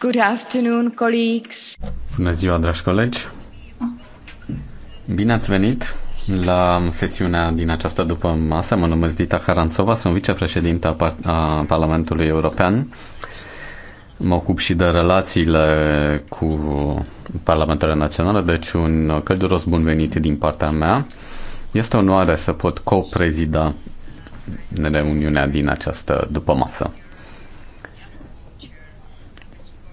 Good afternoon, colleagues. Bună ziua, dragi colegi. Bine ați venit la sesiunea din această după masă. Mă numesc Dita Haranțova, sunt vicepreședinta a Parlamentului European. Mă ocup și de relațiile cu Parlamentele Naționale, deci un călduros bun venit din partea mea. Este onoare să pot coprezida reuniunea din această după masă.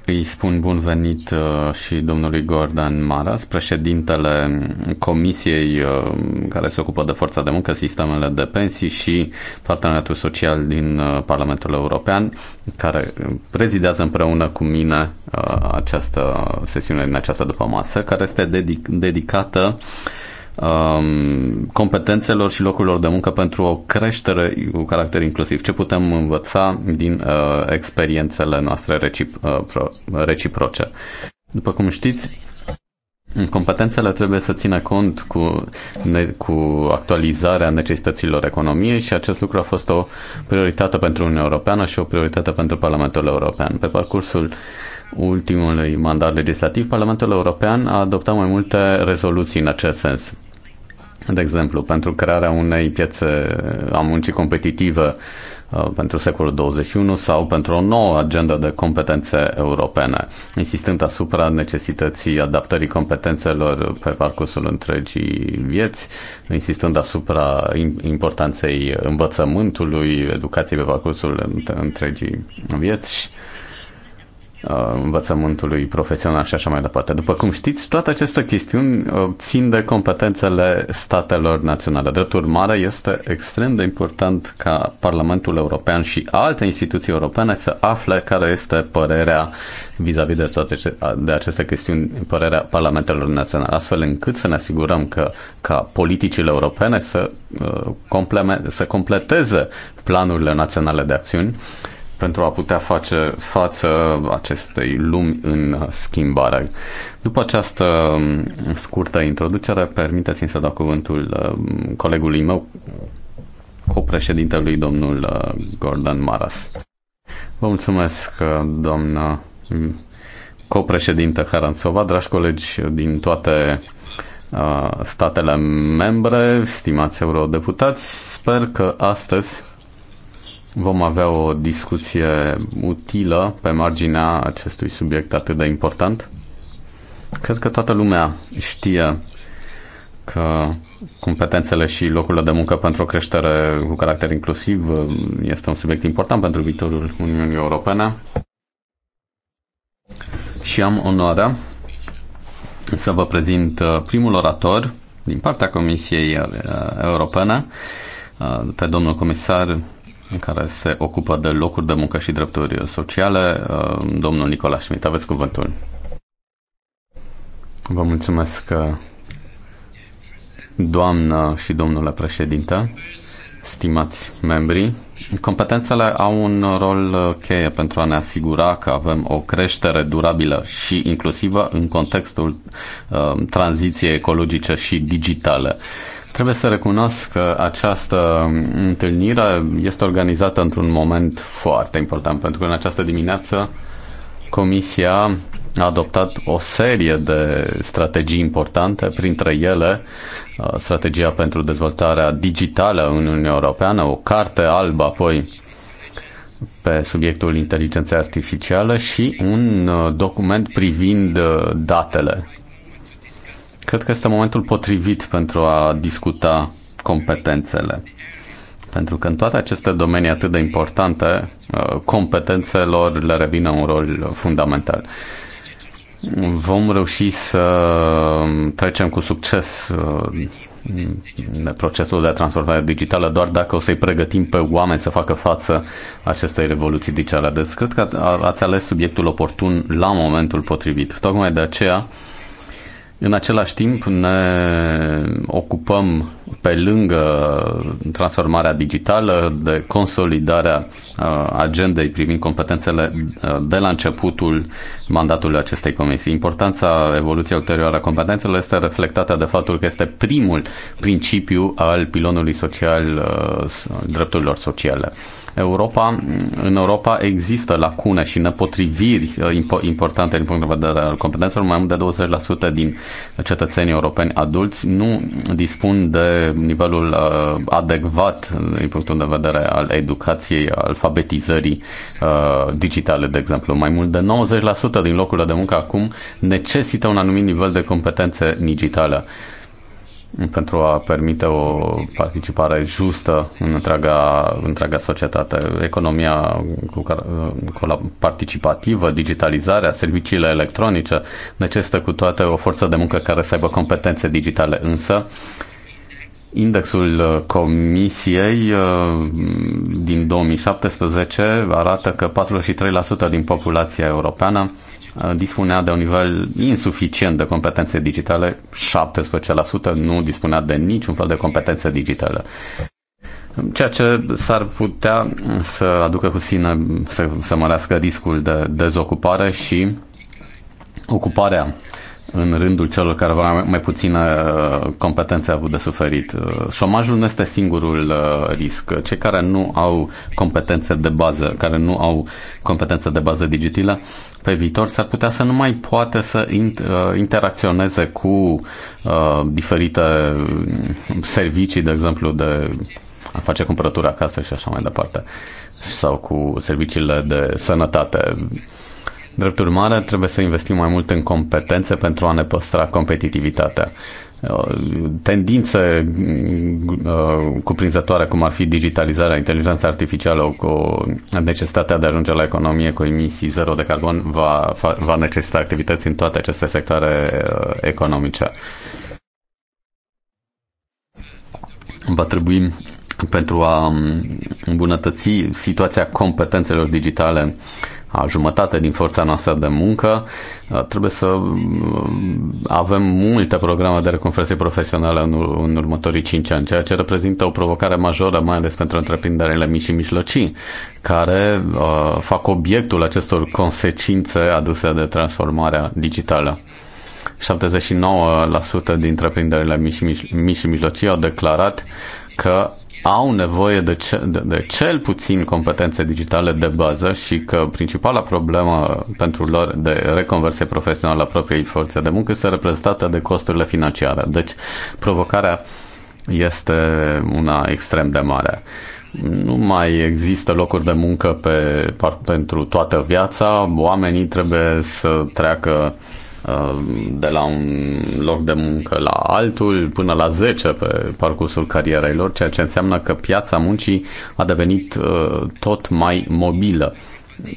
Îi spun bun venit uh, și domnului Gordon Maras, președintele Comisiei uh, care se ocupă de forța de muncă, sistemele de pensii și parteneriatul social din uh, Parlamentul European, care prezidează împreună cu mine această sesiune din această după masă, care este dedic- dedicată uh, Um, competențelor și locurilor de muncă pentru o creștere cu caracter inclusiv. Ce putem învăța din uh, experiențele noastre recipro- uh, reciproce? După cum știți, competențele trebuie să țină cont cu, ne, cu actualizarea necesităților economiei și acest lucru a fost o prioritate pentru Uniunea Europeană și o prioritate pentru Parlamentul European. Pe parcursul ultimului mandat legislativ, Parlamentul European a adoptat mai multe rezoluții în acest sens de exemplu, pentru crearea unei piețe a muncii competitive uh, pentru secolul 21 sau pentru o nouă agendă de competențe europene, insistând asupra necesității adaptării competențelor pe parcursul întregii vieți, insistând asupra importanței învățământului, educației pe parcursul întregii vieți Uh, învățământului profesional și așa mai departe. După cum știți, toate aceste chestiuni uh, țin de competențele statelor naționale. Drept urmare, este extrem de important ca Parlamentul European și alte instituții europene să afle care este părerea vis-a-vis -vis de toate de aceste chestiuni, părerea Parlamentelor Naționale, astfel încât să ne asigurăm că ca politicile europene să, uh, să completeze planurile naționale de acțiuni pentru a putea face față acestei lumi în schimbare. După această um, scurtă introducere, permiteți-mi să dau cuvântul um, colegului meu, copreședintelui domnul uh, Gordon Maras. Vă mulțumesc, uh, doamna um, copreședintă Haranțova, dragi colegi din toate uh, statele membre, stimați eurodeputați, sper că astăzi Vom avea o discuție utilă pe marginea acestui subiect atât de important. Cred că toată lumea știe că competențele și locurile de muncă pentru o creștere cu caracter inclusiv uh, este un subiect important pentru viitorul Uniunii Europene. Și am onoarea să vă prezint uh, primul orator din partea Comisiei uh, Europene, pe domnul comisar care se ocupă de locuri de muncă și drepturi sociale, uh, domnul Nicola Schmidt. Aveți cuvântul. Vă mulțumesc, uh, doamnă și domnule președinte, stimați membri. Competențele au un rol uh, cheie pentru a ne asigura că avem o creștere durabilă și inclusivă în contextul uh, tranziției ecologice și digitale. Uh, Trebuie să recunosc că această întâlnire este organizată într-un moment foarte important, pentru că în această dimineață Comisia a adoptat o serie de strategii importante, printre ele uh, strategia pentru dezvoltarea digitală în Uniunea Europeană, o carte albă, apoi pe subiectul inteligenței artificiale și un uh, document privind uh, datele. Cred că este momentul potrivit pentru a discuta competențele. Pentru că în toate aceste domenii atât de importante, uh, competențelor le revină un rol fundamental. Vom reuși să trecem cu succes uh, procesul de transformare digitală doar dacă o să-i pregătim pe oameni să facă față acestei revoluții digitale. Deci cred că ați ales subiectul oportun la momentul potrivit. Tocmai de aceea în același timp ne ocupăm pe lângă transformarea digitală de consolidarea uh, agendei privind competențele uh, de la începutul mandatului acestei comisii. Importanța evoluției ulterioare a competențelor este reflectată de faptul că este primul principiu al pilonului social, uh, drepturilor sociale. Europa, în Europa există lacune și nepotriviri uh, importante din punct de vedere al competențelor. Mai mult de 20% din cetățenii europeni adulți nu dispun de nivelul uh, adecvat uh, din punctul de vedere al educației, alfabetizării digitale, de exemplu. Mai mult de 90% din locurile de muncă acum necesită un anumit nivel de competențe digitale pentru a permite o participare justă în întreaga, întreaga societate. Economia cu cu la participativă, digitalizarea, serviciile electronice necesită cu toate o forță de muncă care să aibă competențe digitale, însă Indexul Comisiei uh, din 2017 arată că 43% din populația europeană Uh, dispunea de un nivel insuficient de competențe digitale, 17% nu dispunea de niciun fel de competențe digitale. Ceea ce s-ar putea să aducă cu sine, să, să mărească riscul de dezocupare și ocuparea în rândul celor care vor mai, mai puțină uh, competențe avut de suferit. Uh, șomajul nu este singurul uh, risc. Cei care nu au competențe de bază, care nu au competențe de bază digitală, pe viitor s-ar putea să nu mai poată să interacționeze cu uh, diferite um, servicii, de exemplu, de a face cumpărături acasă și așa mai departe, sau cu serviciile de sănătate Drept urmare, trebuie să investim mai mult în competențe pentru a ne păstra competitivitatea uh, tendințe uh, cuprinzătoare cum ar fi digitalizarea, inteligența artificială cu necesitatea de a ajunge la economie cu emisii zero de carbon va, va necesita activități în toate aceste sectoare uh, economice. Va trebui pentru a um, îmbunătăți situația competențelor digitale uh, a jumătate din forța noastră de muncă. Uh, trebuie să uh, avem multe programe de reconferție profesională în, în următorii 5 ani, ceea ce reprezintă o provocare majoră, mai ales pentru întreprinderile mici și mijlocii, care uh, fac obiectul acestor consecințe aduse de transformarea digitală. 79% dintre întreprinderile mici, mici, mici și mijlocii au declarat că au nevoie de, ce, de, de cel puțin competențe digitale de bază și că principala problemă pentru lor de reconversie profesională a propriei forțe de muncă este reprezentată de costurile financiare. Deci provocarea este una extrem de mare. Nu mai există locuri de muncă pe, pentru toată viața, oamenii trebuie să treacă uh, Uh, de la un loc de muncă la altul, până la 10 pe parcursul carierei lor, ceea ce înseamnă că piața muncii a devenit uh, tot mai mobilă.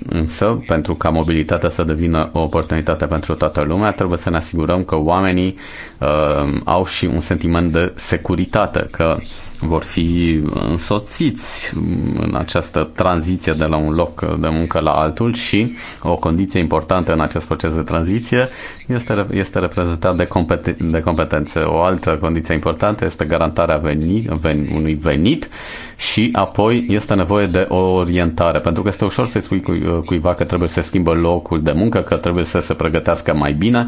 Însă, pentru ca mobilitatea să devină o oportunitate pentru toată lumea, trebuie să ne asigurăm că oamenii uh, au și un sentiment de securitate, că uh, vor fi însoțiți în această tranziție de la un loc de muncă la altul și o condiție importantă în acest proces de tranziție este, este reprezentat de, competen- de competențe. O altă condiție importantă este garantarea veni, ven, unui venit și apoi este nevoie de o orientare, pentru că este ușor să-i spui cu, cuiva că trebuie să schimbă locul de muncă, că trebuie să se pregătească mai bine,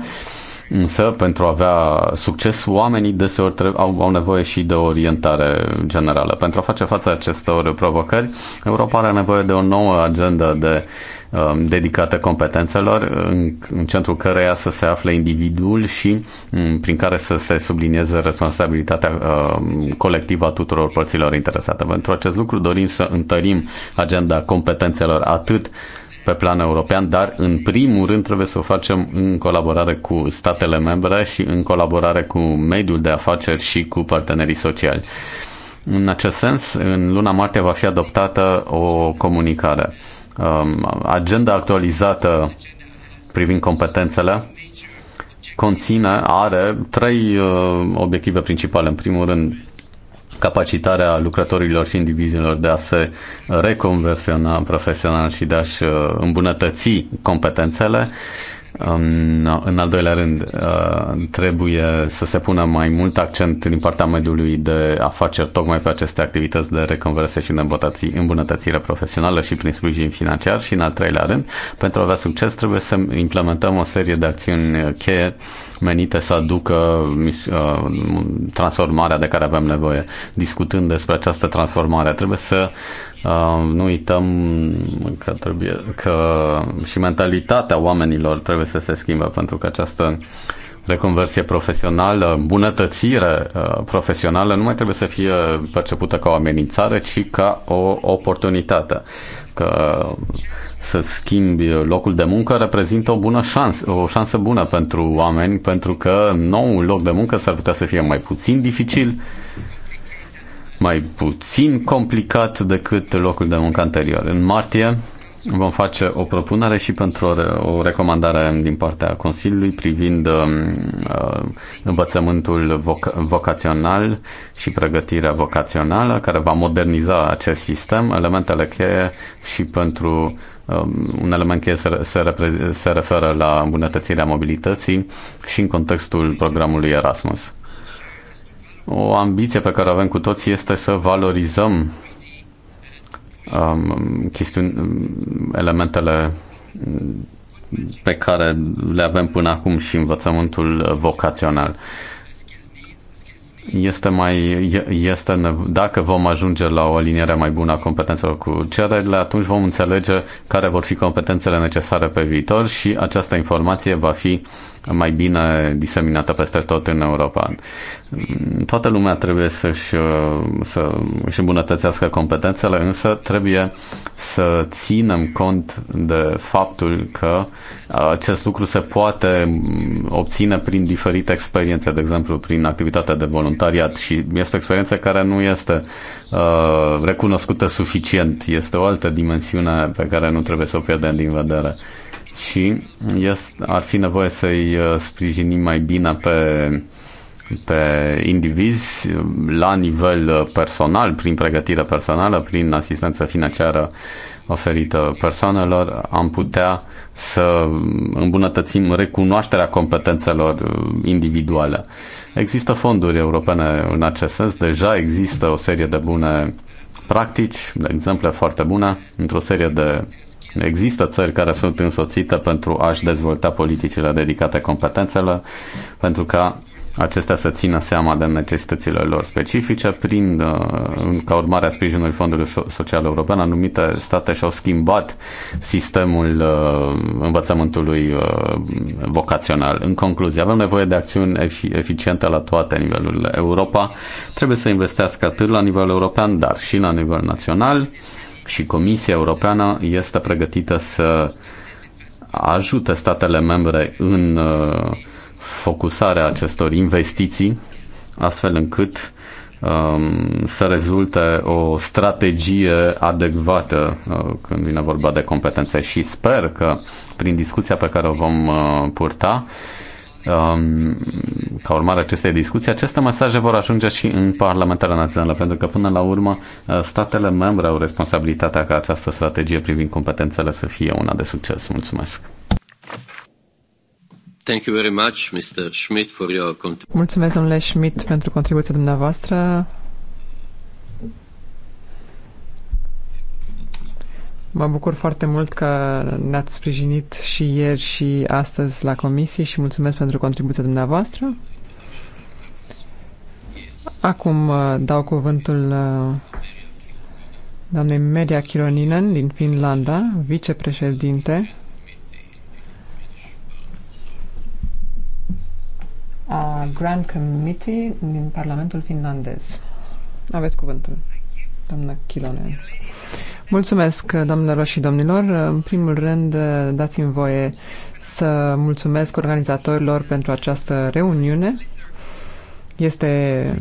Însă, pentru a avea succes, oamenii deseori tre- au, au nevoie și de o orientare generală. Pentru a face față acestor provocări, Europa are nevoie de o nouă agendă de um, dedicată competențelor, în, în centrul căreia să se afle individul și um, prin care să se sublinieze responsabilitatea uh, colectivă a tuturor părților interesate. Pentru acest lucru dorim să întărim agenda competențelor atât uh, pe plan european, dar în primul rând trebuie să o facem în colaborare cu statele membre și în colaborare cu mediul de afaceri și cu partenerii sociali. În acest sens, în luna martie va fi adoptată o comunicare. Um, agenda actualizată privind competențele conține, are trei uh, obiective principale. În primul rând, capacitarea lucrătorilor și indivizilor de a se reconversiona profesional și de a-și uh, îmbunătăți competențele. În al doilea rând, uh, trebuie să se pună mai mult accent din partea mediului de afaceri tocmai pe aceste activități de reconversie și de îmbunătățire profesională și prin sprijin financiar și în al treilea rând, pentru a avea succes trebuie să implementăm o serie de acțiuni cheie menite să aducă uh, transformarea de care avem nevoie. Discutând despre această transformare, trebuie să uh, nu uităm că, trebuie, că și mentalitatea oamenilor trebuie să se schimbe pentru că această reconversie profesională, bunătățire uh, profesională nu mai trebuie să fie percepută ca o amenințare, ci ca o oportunitate că să schimbi locul de muncă reprezintă o bună șansă, o șansă bună pentru oameni, pentru că noul loc de muncă s-ar putea să fie mai puțin dificil, mai puțin complicat decât locul de muncă anterior. În martie Vom face o propunere și pentru o recomandare din partea Consiliului privind um, uh, învățământul voc- vocațional și pregătirea vocațională, care va moderniza acest sistem, elementele cheie și pentru uh, un element cheie se, se, se referă la îmbunătățirea mobilității și în contextul programului Erasmus. O ambiție pe care o avem cu toții este să valorizăm um, chestiuni, um, elementele pe care le avem până acum și învățământul vocațional. Este mai, este, dacă vom ajunge la o aliniere mai bună a competențelor cu cererile, atunci vom înțelege care vor fi competențele necesare pe viitor și această informație va fi uh, mai bine diseminată peste tot în Europa. Toată lumea trebuie să-și, uh, să își îmbunătățească competențele, însă trebuie să ținem cont de faptul că acest lucru se poate obține prin diferite experiențe, de exemplu prin activitatea de voluntariat și este o experiență care nu este uh, recunoscută suficient, este o altă dimensiune pe care nu trebuie să o pierdem din vedere și ar fi nevoie să-i uh, sprijinim mai bine pe pe indivizi la nivel uh, personal, prin pregătire personală, prin asistență financiară oferită persoanelor, am putea să îmbunătățim recunoașterea competențelor uh, individuale. Există fonduri europene în acest sens, deja există o serie de bune practici, de exemple foarte bune, într-o serie de Există țări care sunt însoțite pentru a-și dezvolta politicile dedicate competențelor, pentru ca acestea să țină seama de necesitățile lor specifice. Prin, uh, ca urmare a sprijinului Fondului Social European, anumite state și-au schimbat sistemul uh, învățământului uh, vocațional. În concluzie, avem nevoie de acțiuni eficiente la toate nivelurile. Europa trebuie să investească atât la nivel european, dar și la nivel național și Comisia Europeană este pregătită să ajute statele membre în uh, focusarea acestor investiții, astfel încât um, să rezulte o strategie adecvată uh, când vine vorba de competențe și sper că prin discuția pe care o vom uh, purta Um, ca urmare a acestei discuții, aceste mesaje vor ajunge și în Parlamentarea Națională, pentru că până la urmă uh, statele membre au responsabilitatea ca această strategie privind competențele să fie una de succes. Mulțumesc! Thank you very much, Mr. Schmidt, for your Mulțumesc, domnule Schmidt, pentru contribuția dumneavoastră. Mă bucur foarte mult că ne-ați sprijinit și ieri și astăzi la comisie și mulțumesc pentru contribuția dumneavoastră. Acum uh, dau cuvântul uh, doamnei Media Kironinen din Finlanda, vicepreședinte a Grand Committee din Parlamentul finlandez. Aveți cuvântul, doamna Kilonen. Mulțumesc, doamnelor și domnilor. În primul rând, dați-mi voie să mulțumesc organizatorilor pentru această reuniune. Este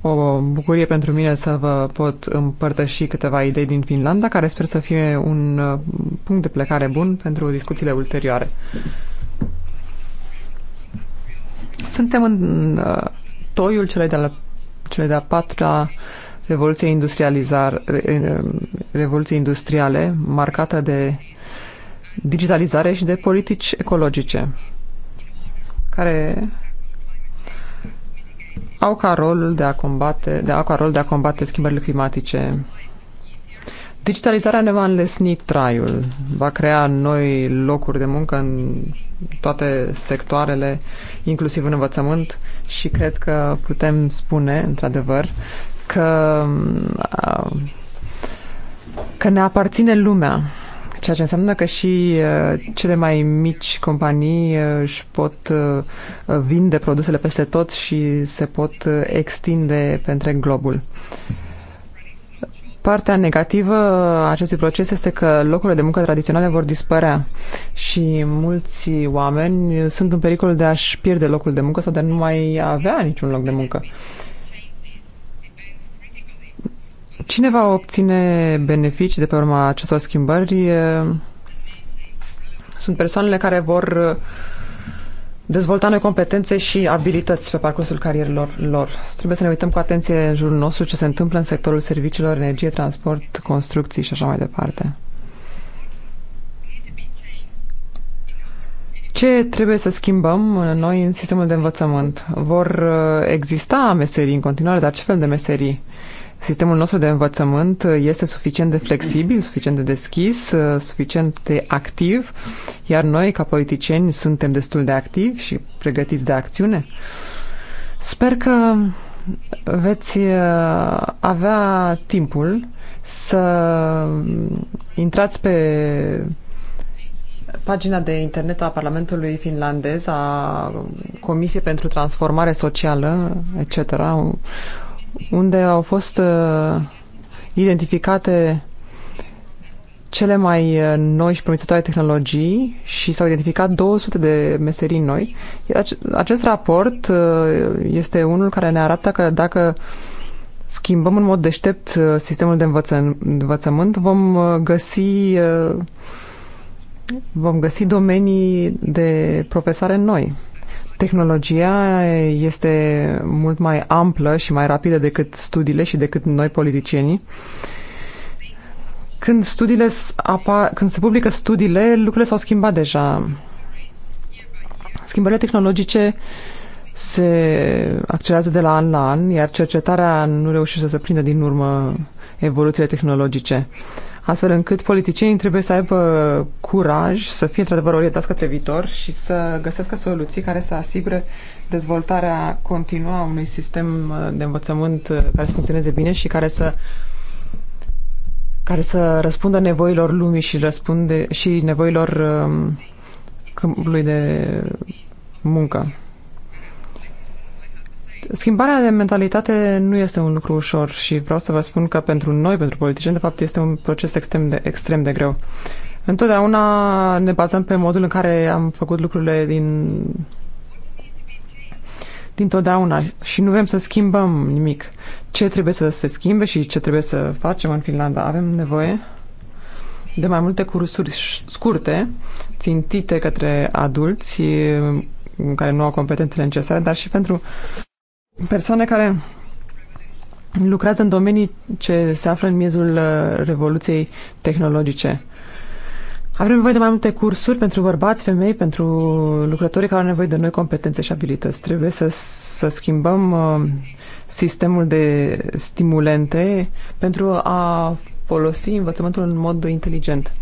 o bucurie pentru mine să vă pot împărtăși câteva idei din Finlanda, care sper să fie un punct de plecare bun pentru discuțiile ulterioare. Suntem în uh, toiul cele de-a de, patra Revoluție industrializar, revoluție industriale marcată de digitalizare și de politici ecologice care au ca rol de a combate, de, au ca rol de a combate schimbările climatice. Digitalizarea ne va înlesni traiul, va crea noi locuri de muncă în toate sectoarele, inclusiv în învățământ și cred că putem spune, într-adevăr, că, uh, că ne aparține lumea. Ceea ce înseamnă că și uh, cele mai mici companii uh, își pot vinde produsele peste tot și se pot extinde pe întreg globul. Partea negativă a acestui proces este că locurile de muncă tradiționale vor dispărea și mulți oameni sunt în pericol de a-și pierde locul de muncă sau de a nu mai avea niciun loc de muncă. Uh, Cine va obține beneficii de pe urma acestor schimbări? Sunt persoanele care vor uh, dezvolta noi competențe și abilități pe parcursul carierelor lor. Trebuie să ne uităm cu atenție în jurul nostru ce se întâmplă în sectorul serviciilor, energie, transport, construcții și așa mai departe. Ce trebuie să schimbăm noi în sistemul de învățământ? Vor uh, exista meserii în continuare, dar ce fel de meserii? Sistemul nostru de învățământ uh, este suficient de flexibil, suficient de deschis, uh, suficient de activ, iar noi, ca politicieni, suntem destul de activi și pregătiți de acțiune. Sper că veți uh, avea timpul să intrați pe pagina de internet a Parlamentului finlandez, a Comisiei pentru Transformare Socială, etc., unde au fost uh, identificate cele mai uh, noi și promițătoare tehnologii și s-au identificat 200 de meserii noi. Acest raport uh, este unul care ne arată că dacă schimbăm în mod deștept sistemul de învățământ, vom găsi vom găsi domenii de profesare noi. Tehnologia este mult mai amplă și mai rapidă decât studiile și decât noi politicienii. Când, studiile apar, când se publică studiile, lucrurile s-au schimbat deja. Schimbările tehnologice se accelerează de la an la an, iar cercetarea nu reușește să se prindă din urmă evoluțiile tehnologice astfel încât politicienii trebuie să aibă curaj, să fie într-adevăr orientați către viitor și să găsească soluții care să asigure dezvoltarea continuă a unui sistem uh, de învățământ uh, care să funcționeze bine și care să care să răspundă nevoilor lumii și răspunde și nevoilor um, câmpului de muncă. Schimbarea de mentalitate nu este un lucru ușor și vreau să vă spun că pentru noi, pentru politicieni, de fapt este un proces extrem de, extrem de greu. Întotdeauna ne bazăm pe modul în care am făcut lucrurile din dintotdeauna și nu vrem să schimbăm nimic. Ce trebuie să se schimbe și ce trebuie să facem în Finlanda? Avem nevoie de mai multe cursuri scurte, țintite către adulți care nu au competențele necesare, dar și pentru persoane care lucrează în domenii ce se află în miezul uh, revoluției tehnologice. Avem nevoie de mai multe cursuri pentru bărbați, femei, pentru lucrătorii care au nevoie de noi competențe și abilități. Trebuie să, să schimbăm uh, sistemul de stimulente pentru a folosi învățământul în mod inteligent.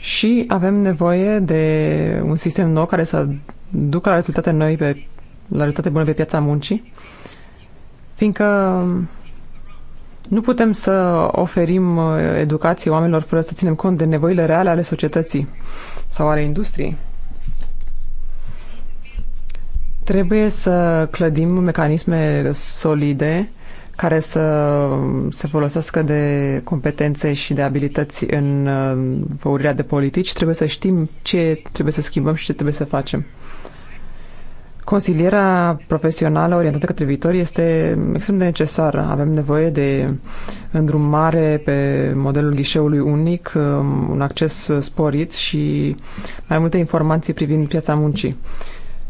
Și avem nevoie de un sistem nou care să ducă la rezultate noi pe la rezultate bune pe piața muncii, fiindcă nu putem să oferim uh, educație oamenilor fără să ținem cont de nevoile reale ale societății sau ale industriei. Trebuie să clădim mecanisme solide care să se folosească de competențe și de abilități în uh, făurirea de politici. Trebuie să știm ce trebuie să schimbăm și ce trebuie să facem. Consilierea profesională orientată către viitor este extrem de necesară. Avem nevoie de îndrumare pe modelul ghișeului unic, um, un acces sporit și mai multe informații privind piața muncii.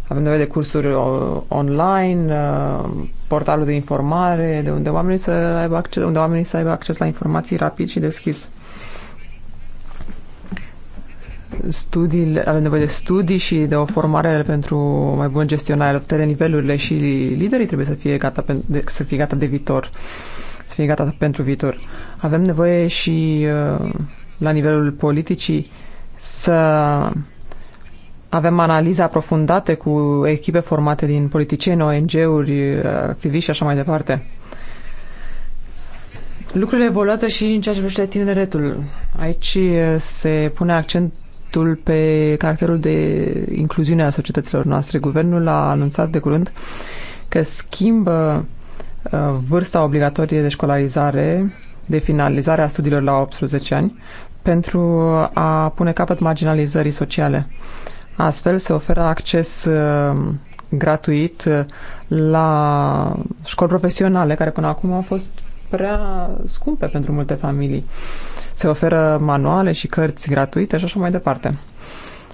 Avem nevoie de cursuri uh, online, uh, portalul de informare, de unde oamenii să aibă acces, unde oamenii să aibă acces la informații rapid și deschis studiile, avem nevoie de studii și de o formare pentru mai bună gestionare, toate nivelurile și liderii trebuie să fie gata, pe, să fie gata de viitor, să fie gata pentru viitor. Avem nevoie și uh, la nivelul politicii să avem analize aprofundate cu echipe formate din politicieni, ONG-uri, uh, activiști și așa mai departe. Lucrurile evoluează și în ceea ce privește tineretul. Aici uh, se pune accent impactul pe caracterul de incluziune a societăților noastre. Guvernul a anunțat de curând că schimbă uh, vârsta obligatorie de școlarizare, de finalizare a studiilor la 18 ani, pentru a pune capăt marginalizării sociale. Astfel se oferă acces uh, gratuit uh, la școli profesionale care până acum au fost prea scumpe pentru multe familii se oferă manuale și cărți gratuite și așa mai departe.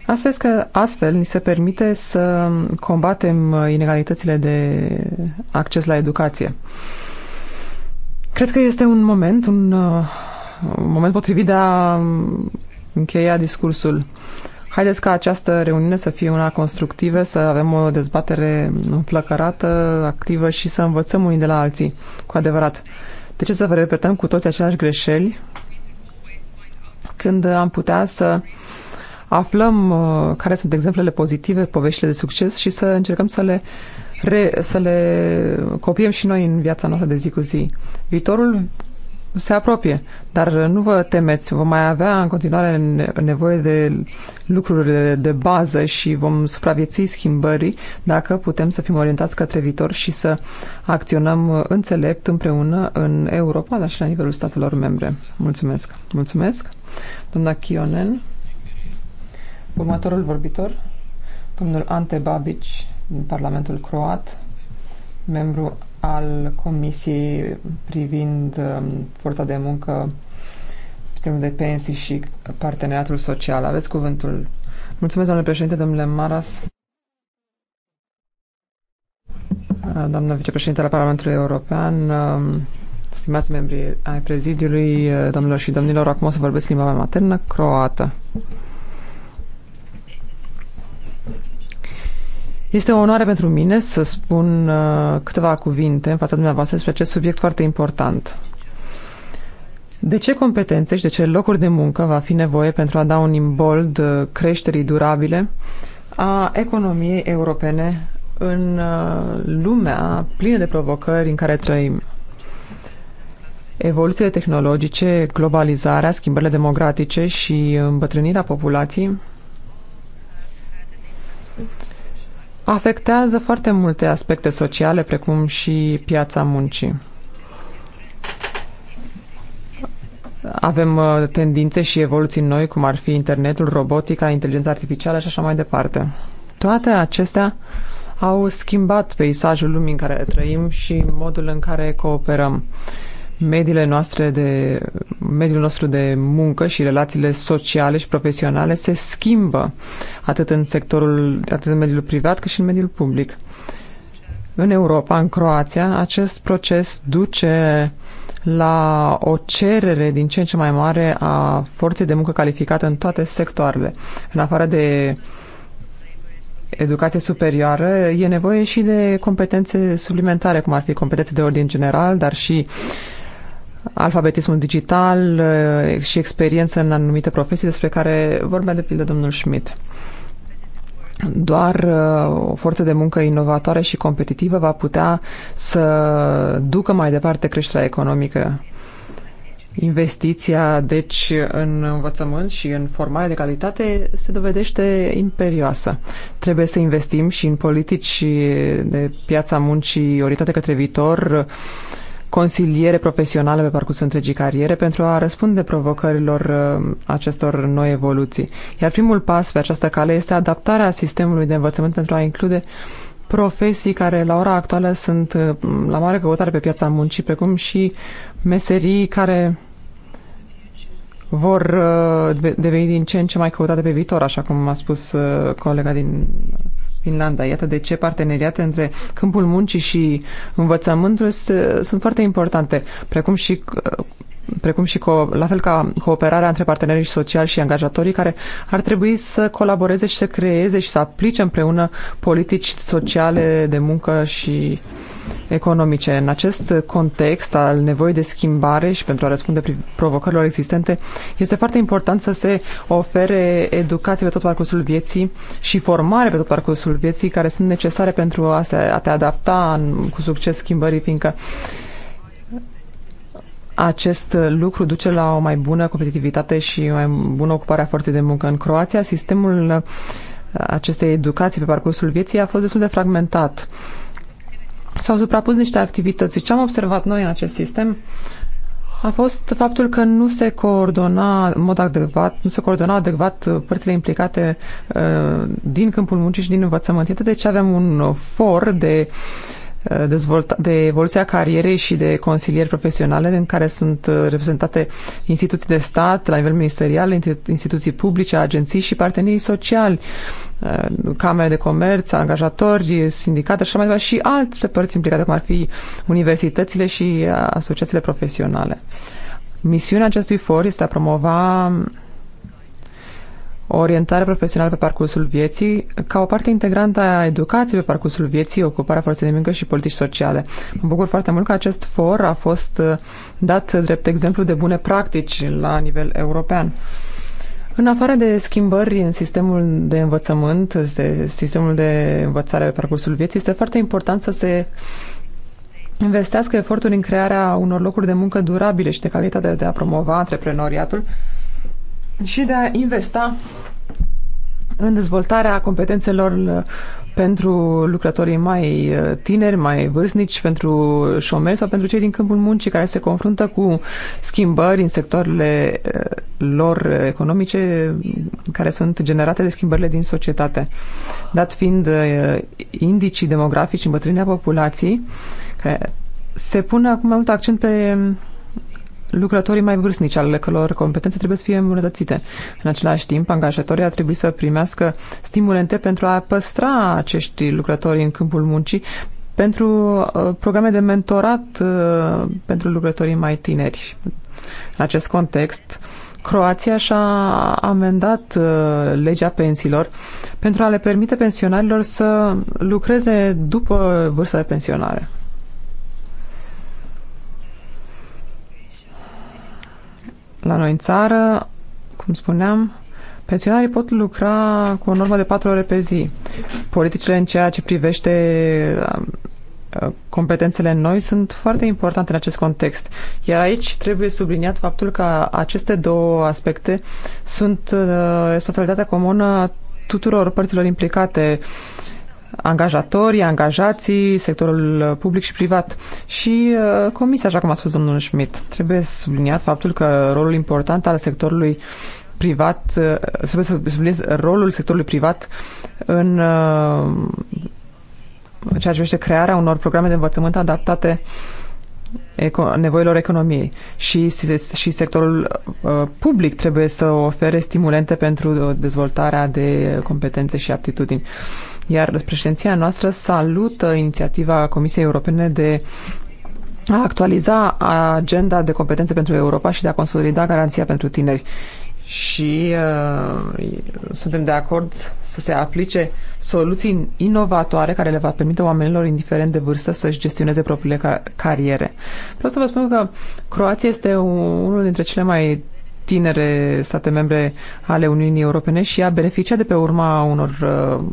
Astfel, că astfel ni se permite să combatem inegalitățile de acces la educație. Cred că este un moment, un, un uh, moment potrivit de a um, încheia discursul. Haideți ca această reuniune să fie una constructivă, să avem o dezbatere înflăcărată, activă și să învățăm unii de la alții, cu adevărat. De ce să repetăm cu toți aceleași greșeli când am putea să aflăm uh, care sunt exemplele pozitive, poveștile de succes și să încercăm să le, re, să le copiem și noi în viața noastră de zi cu zi. Viitorul se apropie. Dar uh, nu vă temeți, vom mai avea în continuare nevoie de lucrurile de bază și vom supraviețui schimbării dacă putem să fim orientați către viitor și să acționăm înțelept împreună în Europa, dar și la nivelul statelor membre. Mulțumesc! Mulțumesc! Doamna Chionen, următorul vorbitor, domnul Ante Babic, din Parlamentul Croat, membru al Comisiei privind um, forța de muncă, sistemul de pensii și parteneriatul social. Aveți cuvântul. Mulțumesc, domnule președinte, domnule Maras. Uh, doamnă vicepreședintele Parlamentului European, um, stimați membri ai prezidiului, uh, domnilor și domnilor, acum o să vorbesc limba mea maternă, croată. Este o onoare pentru mine să spun uh, câteva cuvinte în fața dumneavoastră despre acest subiect foarte important. De ce competențe și de ce locuri de muncă va fi nevoie pentru a da un imbold uh, creșterii durabile a economiei europene în uh, lumea plină de provocări în care trăim? Evoluțiile tehnologice, globalizarea, schimbările demografice și îmbătrânirea populației afectează foarte multe aspecte sociale, precum și piața muncii. Avem uh, tendințe și evoluții noi, cum ar fi internetul, robotica, inteligența artificială și așa mai departe. Toate acestea au schimbat peisajul lumii în care trăim și modul în care cooperăm mediile noastre de, mediul nostru de muncă și relațiile sociale și profesionale se schimbă atât în sectorul, atât în mediul privat cât și în mediul public. În Europa, în Croația, acest proces duce la o cerere din ce în ce mai mare a forței de muncă calificată în toate sectoarele. În afară de educație superioară, e nevoie și de competențe suplimentare, cum ar fi competențe de ordin general, dar și alfabetismul digital eh, și experiență în anumite profesii despre care vorbea de pildă domnul Schmidt. Doar eh, o forță de muncă inovatoare și competitivă va putea să ducă mai departe creșterea economică. Investiția, deci, în învățământ și în formare de calitate se dovedește imperioasă. Trebuie să investim și în politici de piața muncii orientate către viitor, consiliere profesională pe parcursul întregii cariere pentru a răspunde provocărilor uh, acestor noi evoluții. Iar primul pas pe această cale este adaptarea sistemului de învățământ pentru a include profesii care la ora actuală sunt uh, la mare căutare pe piața muncii, precum și meserii care vor uh, deveni din ce în ce mai căutate pe viitor, așa cum a spus colega din Finlanda. Iată de ce parteneriate între câmpul muncii și învățământul sunt foarte importante, precum și precum și co- la fel ca cooperarea între partenerii sociali și angajatorii care ar trebui să colaboreze și să creeze și să aplice împreună politici sociale de muncă și uh, economice. În acest context al nevoii de schimbare și pentru a răspunde provocărilor existente, este foarte important să se ofere educație pe tot parcursul vieții și formare pe tot parcursul vieții care sunt necesare pentru a, se, a te adapta în, cu succes schimbării, fiindcă acest lucru duce la o mai bună competitivitate și mai bună ocupare a forței de muncă. În Croația, sistemul acestei educații pe parcursul vieții a fost destul de fragmentat s-au suprapus niște activități. Ce am observat noi în acest sistem a fost faptul că nu se coordona în mod adecvat, nu se coordona adecvat părțile implicate uh, din câmpul muncii și din învățământ. Deci avem un for de uh, Eh, dezvolta, de evoluția carierei și de consilieri profesionale în care sunt eh, reprezentate instituții de stat la nivel ministerial, instituții publice, agenții și partenerii sociali, eh, camere de comerț, angajatori, sindicate și așa mai departe și alte părți implicate, cum ar fi universitățile și asociațiile profesionale. Misiunea acestui for este a promova o orientare profesională pe parcursul vieții, ca o parte integrantă a educației pe parcursul vieții, ocuparea forței de muncă și politici sociale. Mă bucur foarte mult că acest for a fost uh, dat drept exemplu de bune practici la nivel european. În afară de schimbări în sistemul de învățământ, de sistemul de învățare pe parcursul vieții, este foarte important să se investească eforturi în crearea unor locuri de muncă durabile și de calitate de a promova antreprenoriatul și de a investa în dezvoltarea competențelor pentru lucrătorii mai uh, tineri, mai vârstnici, pentru șomeri sau pentru cei din câmpul muncii care se confruntă cu schimbări în sectoarele uh, lor economice care sunt generate de schimbările din societate. Dat fiind uh, indicii demografici, bătrânea populației, care se pune acum mai mult accent pe lucrătorii mai vârstnici, ale căror competențe trebuie să fie îmbunătățite. În același timp, angajatorii ar trebui să primească stimulente pentru a păstra acești lucrători în câmpul muncii, pentru uh, programe de mentorat uh, pentru lucrătorii mai tineri. În acest context, Croația și-a amendat uh, legea pensiilor pentru a le permite pensionarilor să lucreze după vârsta de pensionare. la noi în țară, cum spuneam, pensionarii pot lucra cu o normă de 4 ore pe zi. Politicile în ceea ce privește um, uh, competențele noi sunt foarte importante în acest context. Iar aici trebuie subliniat faptul că aceste două aspecte sunt uh, responsabilitatea comună tuturor părților implicate, angajatorii, angajații, sectorul public și privat. Și uh, comisia, așa cum a spus domnul Schmidt, trebuie subliniat faptul că rolul important al sectorului privat, uh, trebuie să subliniez rolul sectorului privat în uh, ceea ce privește crearea unor programe de învățământ adaptate eco nevoilor economiei și, și sectorul uh, public trebuie să ofere stimulente pentru dezvoltarea de competențe și aptitudini. Uh, iar președinția noastră salută inițiativa Comisiei Europene de a actualiza agenda de competențe pentru Europa și de a consolida garanția pentru tineri. Și uh, suntem de acord să se aplice soluții inovatoare care le va permite oamenilor, indiferent de vârstă, să-și gestioneze propriile car- cariere. Vreau să vă spun că Croația este unul dintre cele mai tinere state membre ale Uniunii Europene și a beneficiat de pe urma unor uh,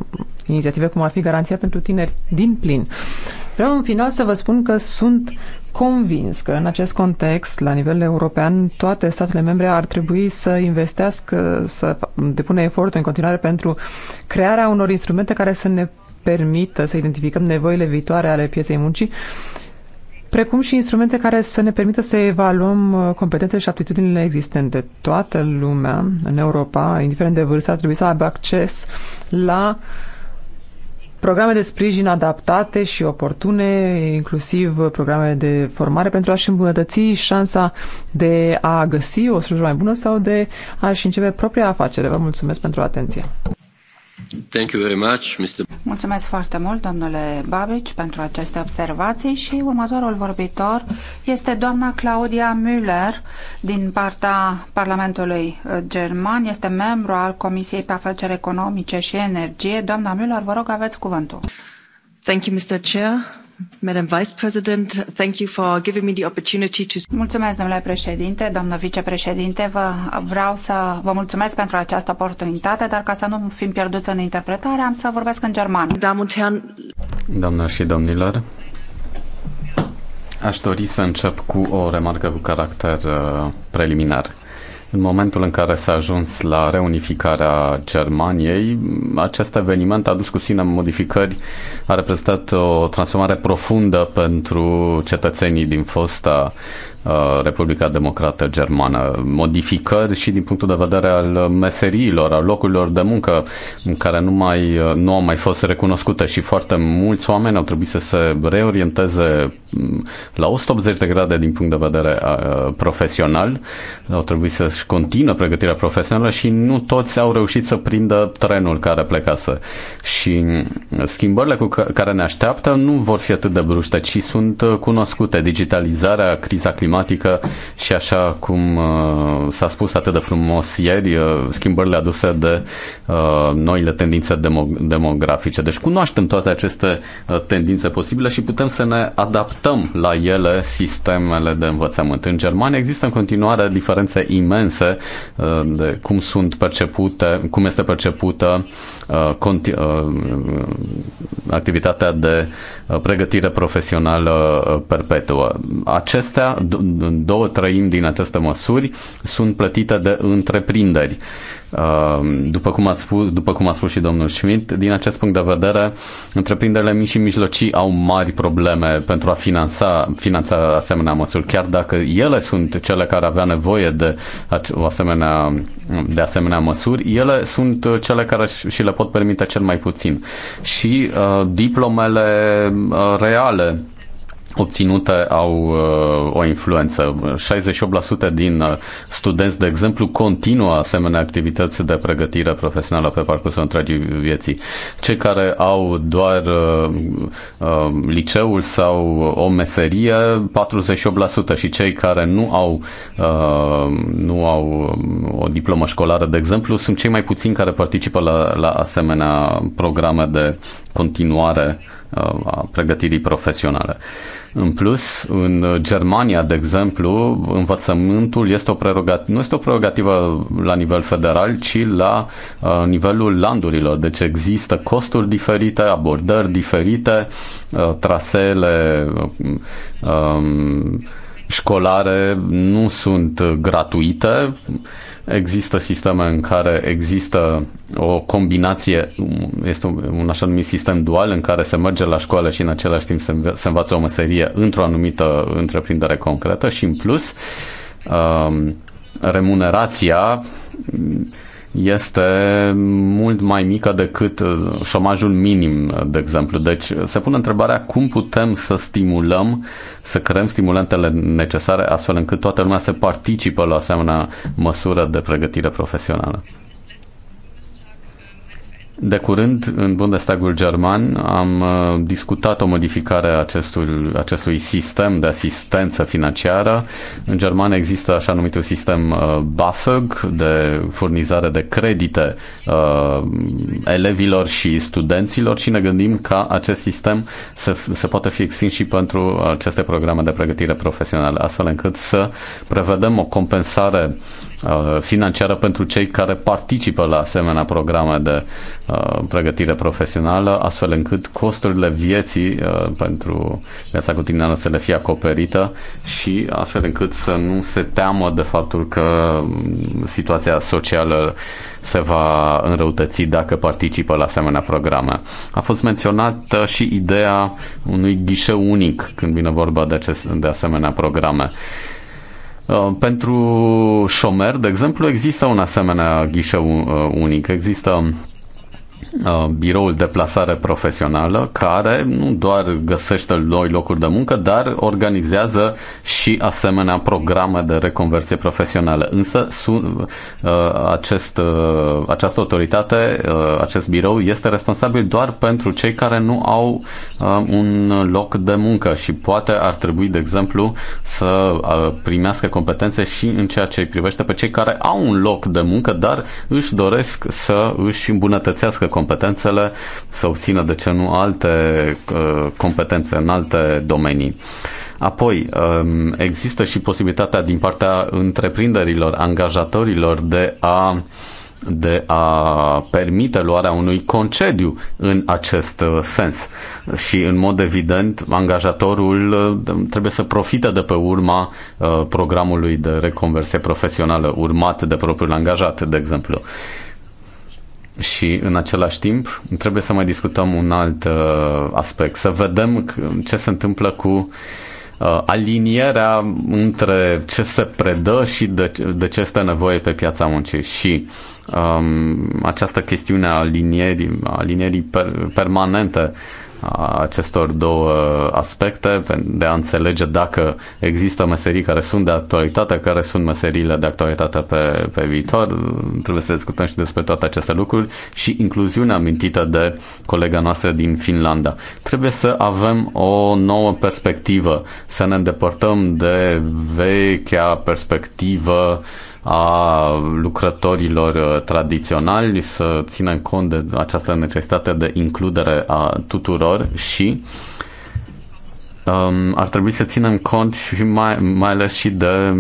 inițiative cum ar fi Garanția pentru Tineri din plin. Vreau în final să vă spun că sunt convins că în acest context, la nivel european, toate statele membre ar trebui să investească, să depună efortul în continuare pentru crearea unor instrumente care să ne permită să identificăm nevoile viitoare ale pieței muncii precum și instrumente care să ne permită să evaluăm uh, competențele și aptitudinile existente. Toată lumea în Europa, indiferent de vârstă, ar trebui să aibă acces la programe de sprijin adaptate și oportune, inclusiv programe de formare pentru a-și îmbunătăți șansa de a găsi o slujbă mai bună sau de a-și începe propria afacere. Vă mulțumesc pentru atenție! Thank you very much, Mr. Mulțumesc foarte mult, domnule Babici, pentru aceste observații și următorul vorbitor este doamna Claudia Müller din partea Parlamentului German. Este membru al Comisiei pe Afaceri Economice și Energie. Doamna Müller, vă rog, aveți cuvântul. Thank you, Mr. Chair domnule președinte, doamnă vicepreședinte, vreau să vă mulțumesc pentru această oportunitate, dar ca să nu fim pierduți în interpretare, am să vorbesc în germană. Doamnă și domnilor, aș dori să încep cu o remarcă cu caracter uh, preliminar. În momentul în care s-a ajuns la reunificarea Germaniei, acest eveniment a dus cu sine modificări, a reprezentat o transformare profundă pentru cetățenii din fosta Uh, Republica Democrată Germană. Modificări și din punctul de vedere al meseriilor, al locurilor de muncă care nu, mai, uh, nu au mai fost recunoscute și foarte mulți oameni au trebuit să se reorienteze mm, la 180 de grade din punct de vedere uh, profesional, au trebuit să-și continuă pregătirea profesională și nu toți au reușit să prindă trenul care plecase. Și mm, schimbările cu care ne așteaptă nu vor fi atât de bruște, ci sunt cunoscute. Digitalizarea, criza climatică, climatică și așa cum uh, s-a spus atât de frumos ieri, uh, schimbările aduse de uh, noile tendințe demografice. Deci cunoaștem toate aceste tendințe posibile și putem să ne adaptăm la ele sistemele de învățământ. În Germania există în continuare diferențe imense de cum sunt percepute, cum este percepută activitatea de pregătire profesională perpetuă. Acestea, două treimi din aceste măsuri sunt plătite de întreprinderi. Uh, după cum, ați spus, după cum a spus și domnul Schmidt, din acest punct de vedere, întreprinderile mici și mijlocii au mari probleme pentru a finanța, finanța asemenea măsuri, chiar dacă ele sunt cele care avea nevoie de, o asemenea, de asemenea măsuri, ele sunt cele care și le pot permite cel mai puțin. Și uh, diplomele uh, reale obținute au uh, o influență. 68% din uh, studenți, de exemplu, continuă asemenea activități de pregătire profesională pe parcursul întregii vieții. Cei care au doar uh, uh, liceul sau o meserie, 48% și cei care nu au, uh, nu au um, o diplomă școlară, de exemplu, sunt cei mai puțini care participă la, la asemenea programe de continuare uh, Uh, a pregătirii profesionale. În plus, în Germania, de exemplu, învățământul este o nu este o prerogativă la nivel federal, ci la uh, nivelul landurilor. Deci există costuri diferite, abordări diferite, uh, traseele uh, um, școlare nu sunt gratuite. Există sisteme în care există o combinație, este un așa numit sistem dual în care se merge la școală și în același timp se, înv- se învață o meserie într-o anumită întreprindere concretă și în plus um, remunerația este mult mai mică decât uh, șomajul minim, uh, de exemplu. Deci uh, se pune întrebarea cum putem să stimulăm, să creăm stimulantele necesare astfel încât toată lumea să participe la asemenea măsură de pregătire profesională. De curând, în Bundestagul german, am uh, discutat o modificare a acestui, acestui sistem de asistență financiară. În Germania există așa numitul sistem uh, BAföG de furnizare de credite uh, elevilor și studenților și ne gândim ca acest sistem să, să poată fi extins și pentru aceste programe de pregătire profesională, astfel încât să prevedem o compensare Uh, financiară pentru cei care participă la asemenea programe de uh, pregătire profesională, astfel încât costurile vieții uh, pentru viața cotidiană să le fie acoperită și astfel încât să nu se teamă de faptul că mm, situația socială se va înrăutăți dacă participă la asemenea programe. A fost menționată și ideea unui ghișeu unic când vine vorba de, acest, de asemenea programe. Uh, pentru șomer, de exemplu, există un asemenea ghișeu uh, unic, există Uh, biroul de plasare profesională care nu doar găsește noi locuri de muncă, dar organizează și asemenea programe de reconversie profesională. Însă sun, uh, acest, uh, această autoritate, acest birou este responsabil doar pentru cei care nu au un loc de muncă și poate ar trebui, de exemplu, să primească competențe și în ceea ce îi privește pe cei care au un loc de muncă, dar își doresc să își îmbunătățească competențele, să obțină, de ce nu, alte uh, competențe în alte domenii. Apoi, um, există și posibilitatea din partea întreprinderilor, angajatorilor de a de a permite luarea unui concediu în acest uh, sens. Și, în mod evident, angajatorul uh, trebuie să profite de pe urma programului de reconversie profesională urmat de propriul angajat, de exemplu și în același timp trebuie să mai discutăm un alt uh, aspect, să vedem ce se întâmplă cu uh, alinierea între ce se predă și de, de ce este nevoie pe piața muncii și um, această chestiune a alinierii, a alinierii per, permanente uh, a acestor două aspecte, de a înțelege dacă există meserii care sunt de actualitate, care sunt meseriile de actualitate pe, pe viitor. Trebuie să discutăm și despre toate aceste lucruri și incluziunea amintită de colega noastră din Finlanda. Trebuie să avem o nouă perspectivă, să ne îndepărtăm de vechea perspectivă uh, a lucrătorilor uh, tradiționali, să țină în cont de această necesitate de includere a tuturor și um, ar trebui să ținem cont și mai, mai ales și de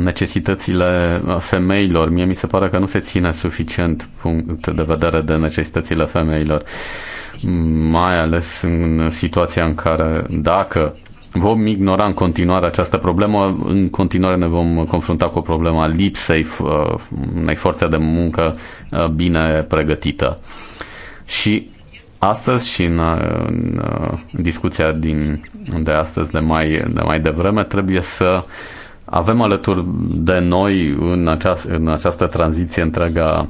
necesitățile uh, femeilor. Mie mi se pare că nu se ține suficient punct de vedere de necesitățile femeilor, mai ales în situația în care dacă vom ignora în continuare această problemă, în continuare ne vom confrunta cu problema lipsei uh, unei forțe de muncă uh, bine pregătită. Și astăzi și în, uh, în discuția din, de astăzi de mai, de mai devreme trebuie să avem alături de noi în, aceast, în această tranziție întreaga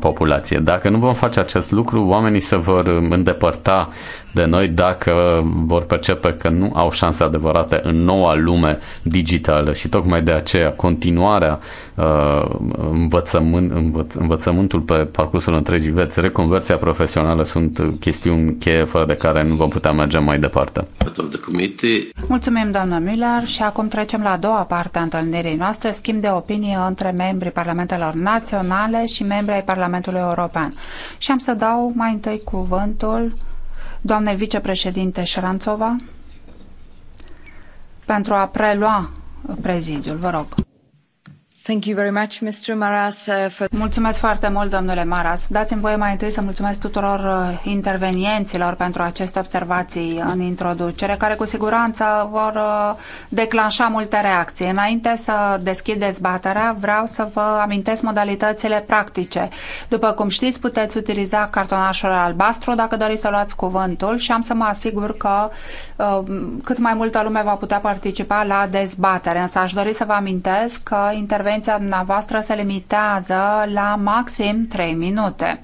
populație. Dacă nu vom face acest lucru, oamenii se vor îndepărta de noi dacă vor percepe că nu au șanse adevărate în noua lume digitală și tocmai de aceea continuarea uh, învățământ, învăț, învățământul pe parcursul întregii veți, reconversia profesională sunt chestiuni cheie fără de care nu vom putea merge mai departe. Mulțumim, doamnă Müller, și acum trecem la a doua parte a întâlnirii noastre, schimb de opinie între membrii Parlamentelor Naționale și membrii ai Parlamentului European. Și am să dau mai întâi cuvântul doamnei vicepreședinte Șeranțova pentru a prelua prezidiul. Vă rog. Uh, mulțumesc foarte mult, domnule Maras. Dați-mi voie mai întâi să mulțumesc tuturor uh, intervenienților pentru aceste observații în introducere, care cu siguranță vor uh, declanșa multe reacții. Înainte să deschid dezbaterea, vreau să vă amintesc modalitățile practice. După cum știți, puteți utiliza cartonașul albastru dacă doriți să luați cuvântul și am să mă asigur că cât mai multă lume va putea participa la dezbatere. Însă aș dori să vă amintesc că intervenții intervenția dumneavoastră se limitează la maxim 3 minute.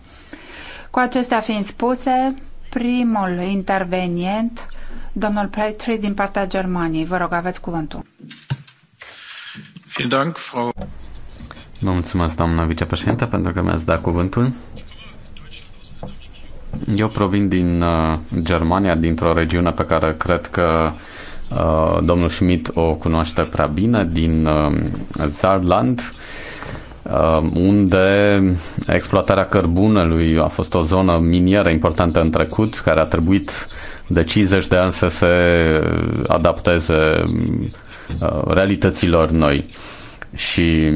Cu acestea fiind spuse, primul intervenient, domnul Petri din partea Germaniei. Vă rog, aveți cuvântul. Vă mulțumesc, doamna vicepreședintă, pentru că mi-ați dat cuvântul. Eu provin din uh, Germania, dintr-o regiune pe care cred că Uh, domnul Schmidt o cunoaște prea bine din Zarland, uh, uh, unde exploatarea cărbunelui a fost o zonă minieră importantă în trecut, care a trebuit de 50 de ani să se adapteze realităților noi. Și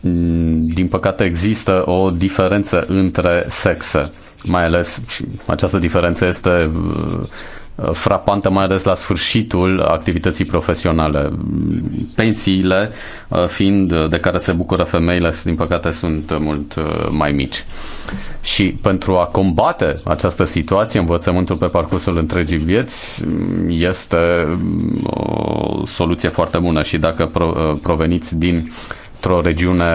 mm, din păcate există o diferență între sexe mai ales această diferență este Uh, frapantă, mai ales la sfârșitul activității profesionale. Pensiile uh, fiind de care se bucură femeile, din păcate, sunt mult uh, mai mici. Și pentru a combate această situație, învățământul pe parcursul întregii vieți mm, este mm, o soluție foarte bună și dacă proveniți din uh, într-o regiune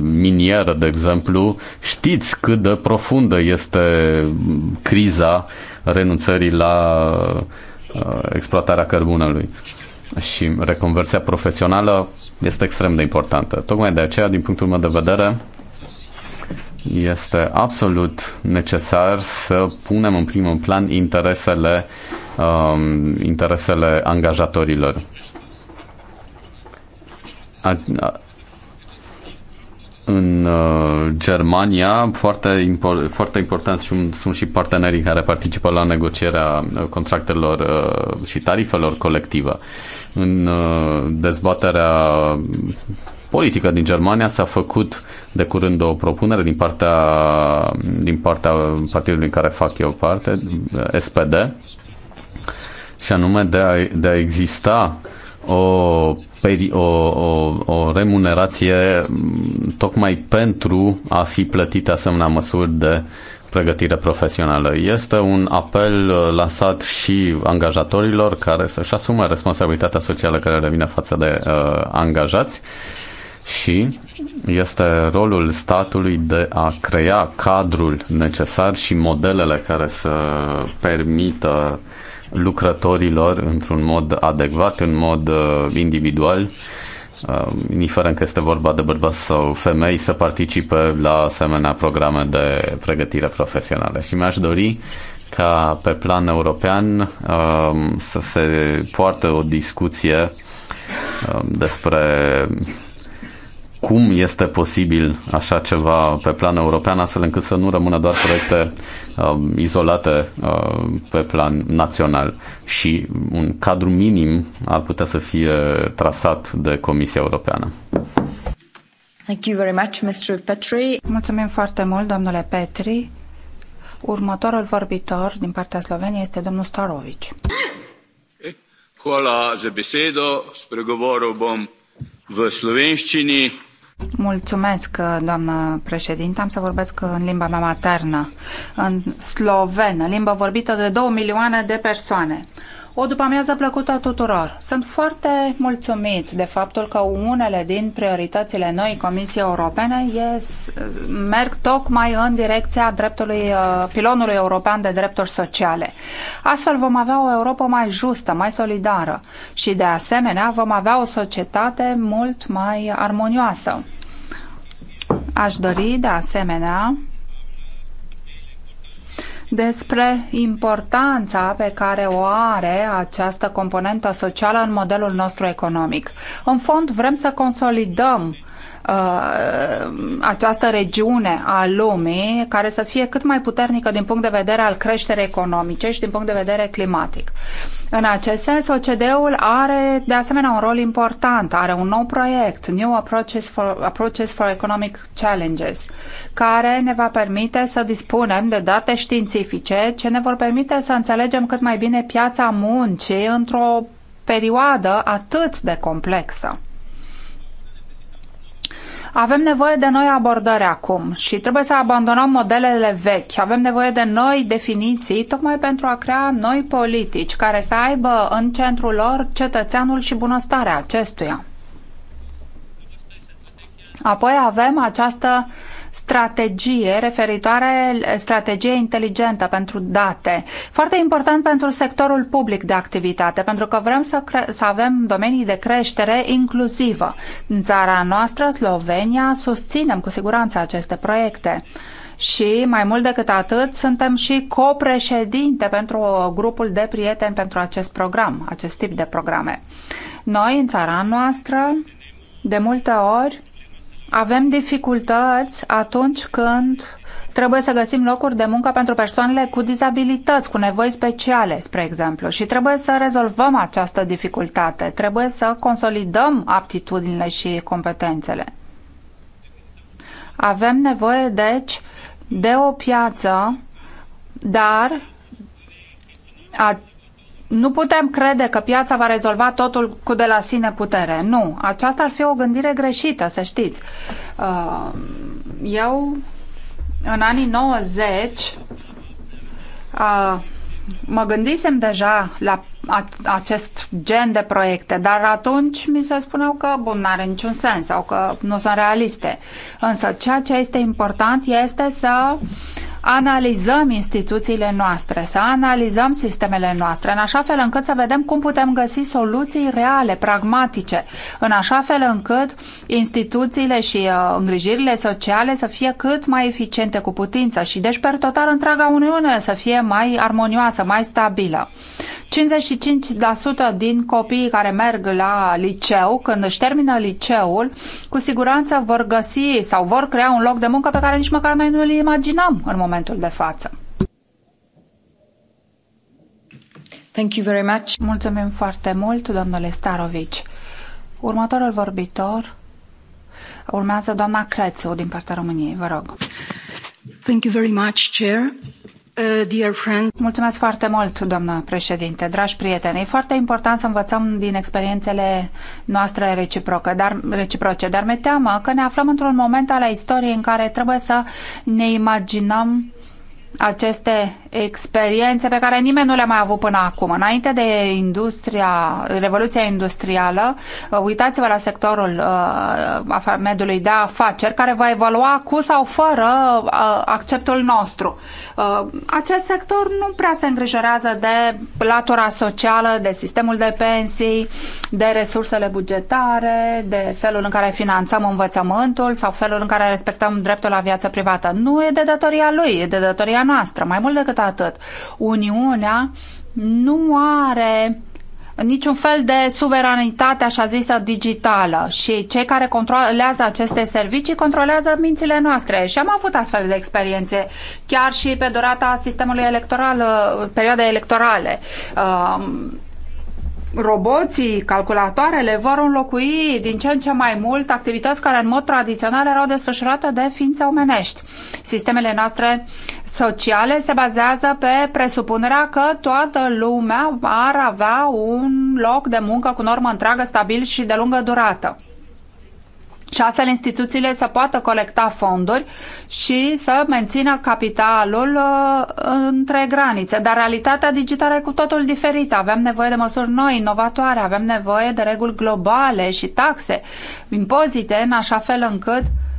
minieră, de exemplu, știți cât de profundă este criza renunțării la uh, exploatarea cărbunelui. Și reconversia profesională este extrem de importantă. Tocmai de aceea, din punctul meu de vedere, este absolut necesar să punem în primul plan interesele, um, interesele angajatorilor. A, a, în uh, Germania, foarte, impor- foarte important și, sunt și partenerii care participă la negocierea uh, contractelor uh, și tarifelor colective. În uh, dezbaterea politică din Germania s-a făcut de curând o propunere din partea, din partea partidului din care fac eu parte, uh, SPD, și anume de a, de a exista o Păi, o, o, o remunerație mm, tocmai pentru a fi plătite asemenea măsuri de pregătire profesională. Este un apel uh, lansat și angajatorilor care să-și asume responsabilitatea socială care revine față de uh, angajați și este rolul statului de a crea cadrul necesar și modelele care să permită uh, lucrătorilor într-un mod adecvat, în mod uh, individual, uh, indiferent că este vorba de bărbați sau femei, să participe la asemenea programe de pregătire profesională. Și mi-aș dori ca pe plan european um, să se poartă o discuție um, despre cum este posibil așa ceva pe plan european, astfel încât să nu rămână doar proiecte uh, izolate uh, pe plan național. Și un cadru minim ar putea să fie trasat de Comisia Europeană. Thank you very much, Mr. Petri. Mulțumim foarte mult, domnule Petri. Următorul vorbitor din partea Sloveniei este domnul Starovici. Hvala za besedo. Spregovoril bom v slovenščini. Mulțumesc, doamnă președinte. Am să vorbesc în limba mea maternă, în slovenă, limba vorbită de 2 milioane de persoane. O după-amiază plăcută tuturor. Sunt foarte mulțumit de faptul că unele din prioritățile noi Comisiei Europene yes, merg tocmai în direcția dreptului, uh, pilonului european de drepturi sociale. Astfel vom avea o Europa mai justă, mai solidară și de asemenea vom avea o societate mult mai armonioasă. Aș dori de asemenea despre importanța pe care o are această componentă socială în modelul nostru economic. În fond, vrem să consolidăm uh, Uh, această regiune a lumii care să fie cât mai puternică din punct de vedere al creșterii economice și din punct de vedere climatic. În acest sens, OCDE-ul are de asemenea un rol important, are un nou proiect, New Approaches for, Approaches for Economic Challenges, care ne va permite să dispunem de date științifice ce ne vor permite să înțelegem cât mai bine piața muncii într-o perioadă atât de complexă. Avem nevoie de noi abordări acum și trebuie să abandonăm modelele vechi. Avem nevoie de noi definiții tocmai pentru a crea noi politici care să aibă în centrul lor cetățeanul și bunăstarea acestuia. Apoi avem această uh, strategie referitoare, strategie inteligentă pentru date. Foarte important pentru sectorul public de activitate, pentru că vrem să, să avem domenii de creștere inclusivă. În țara noastră, Slovenia, susținem cu siguranță aceste proiecte. Și mai mult decât atât, suntem și copreședinte pentru grupul de prieteni pentru acest program, acest tip de programe. Noi, în țara noastră, de multe ori, avem dificultăți atunci când trebuie să găsim locuri de muncă pentru persoanele cu dizabilități, cu nevoi speciale, spre exemplu, și trebuie să rezolvăm această dificultate, trebuie să consolidăm aptitudinile și competențele. Avem nevoie, deci, de o piață, dar nu putem crede că piața va rezolva totul cu de la sine putere. Nu, aceasta ar fi o gândire greșită, să știți. Uh, eu, în anii 90, uh, mă gândisem deja la acest gen de proiecte, dar atunci mi se spuneau că, bun, nu are niciun sens sau că nu sunt realiste. Însă ceea ce este important este să uh, analizăm instituțiile noastre, să analizăm sistemele noastre, în așa fel încât să vedem cum putem găsi soluții reale, pragmatice, în așa fel încât instituțiile și uh, îngrijirile sociale să fie cât mai eficiente cu putință și deci, per total, întreaga Uniune să fie mai armonioasă, mai stabilă. 55% din copiii care merg la liceu, când își termină liceul, cu siguranță vor găsi sau vor crea un loc de muncă pe care nici măcar noi nu îl imaginăm în momentul momentul de față. Thank you very much. Mulțumim foarte mult, domnule Starovic. Următorul vorbitor urmează doamna Crețu din partea României. Vă rog. Thank you very much, Chair. Uh, Mulțumesc foarte mult, doamnă președinte, dragi prieteni. E foarte important să învățăm din experiențele noastre reciproce, dar, reciproce, dar mi teamă că ne aflăm într-un moment al istoriei în care trebuie să ne imaginăm aceste experiențe pe care nimeni nu le-a mai avut până acum. Înainte de industria, revoluția industrială, uh, uitați-vă la sectorul uh, mediului de afaceri, care va evolua cu sau fără uh, acceptul nostru. Uh, acest sector nu prea se îngrijorează de latura socială, de sistemul de pensii, de resursele bugetare, de felul în care finanțăm învățământul sau felul în care respectăm dreptul la viață privată. Nu e de datoria lui, e de datoria noastră. Mai mult decât atât. Uniunea nu are niciun fel de suveranitate așa zisă digitală și cei care controlează aceste servicii controlează mințile noastre și am avut astfel de experiențe chiar și pe durata sistemului electoral, uh, perioadei electorale. Um, roboții, calculatoarele vor înlocui din ce în ce mai mult activități care în mod tradițional erau desfășurate de ființe omenești. Sistemele noastre sociale se bazează pe presupunerea că toată lumea ar avea un loc de muncă cu normă întreagă, stabil și de lungă durată și astfel instituțiile să poată colecta fonduri și să mențină capitalul uh, între granițe. Dar realitatea digitală e cu totul diferită. Avem nevoie de măsuri noi, inovatoare, avem nevoie de reguli globale și taxe, impozite, în așa fel încât uh,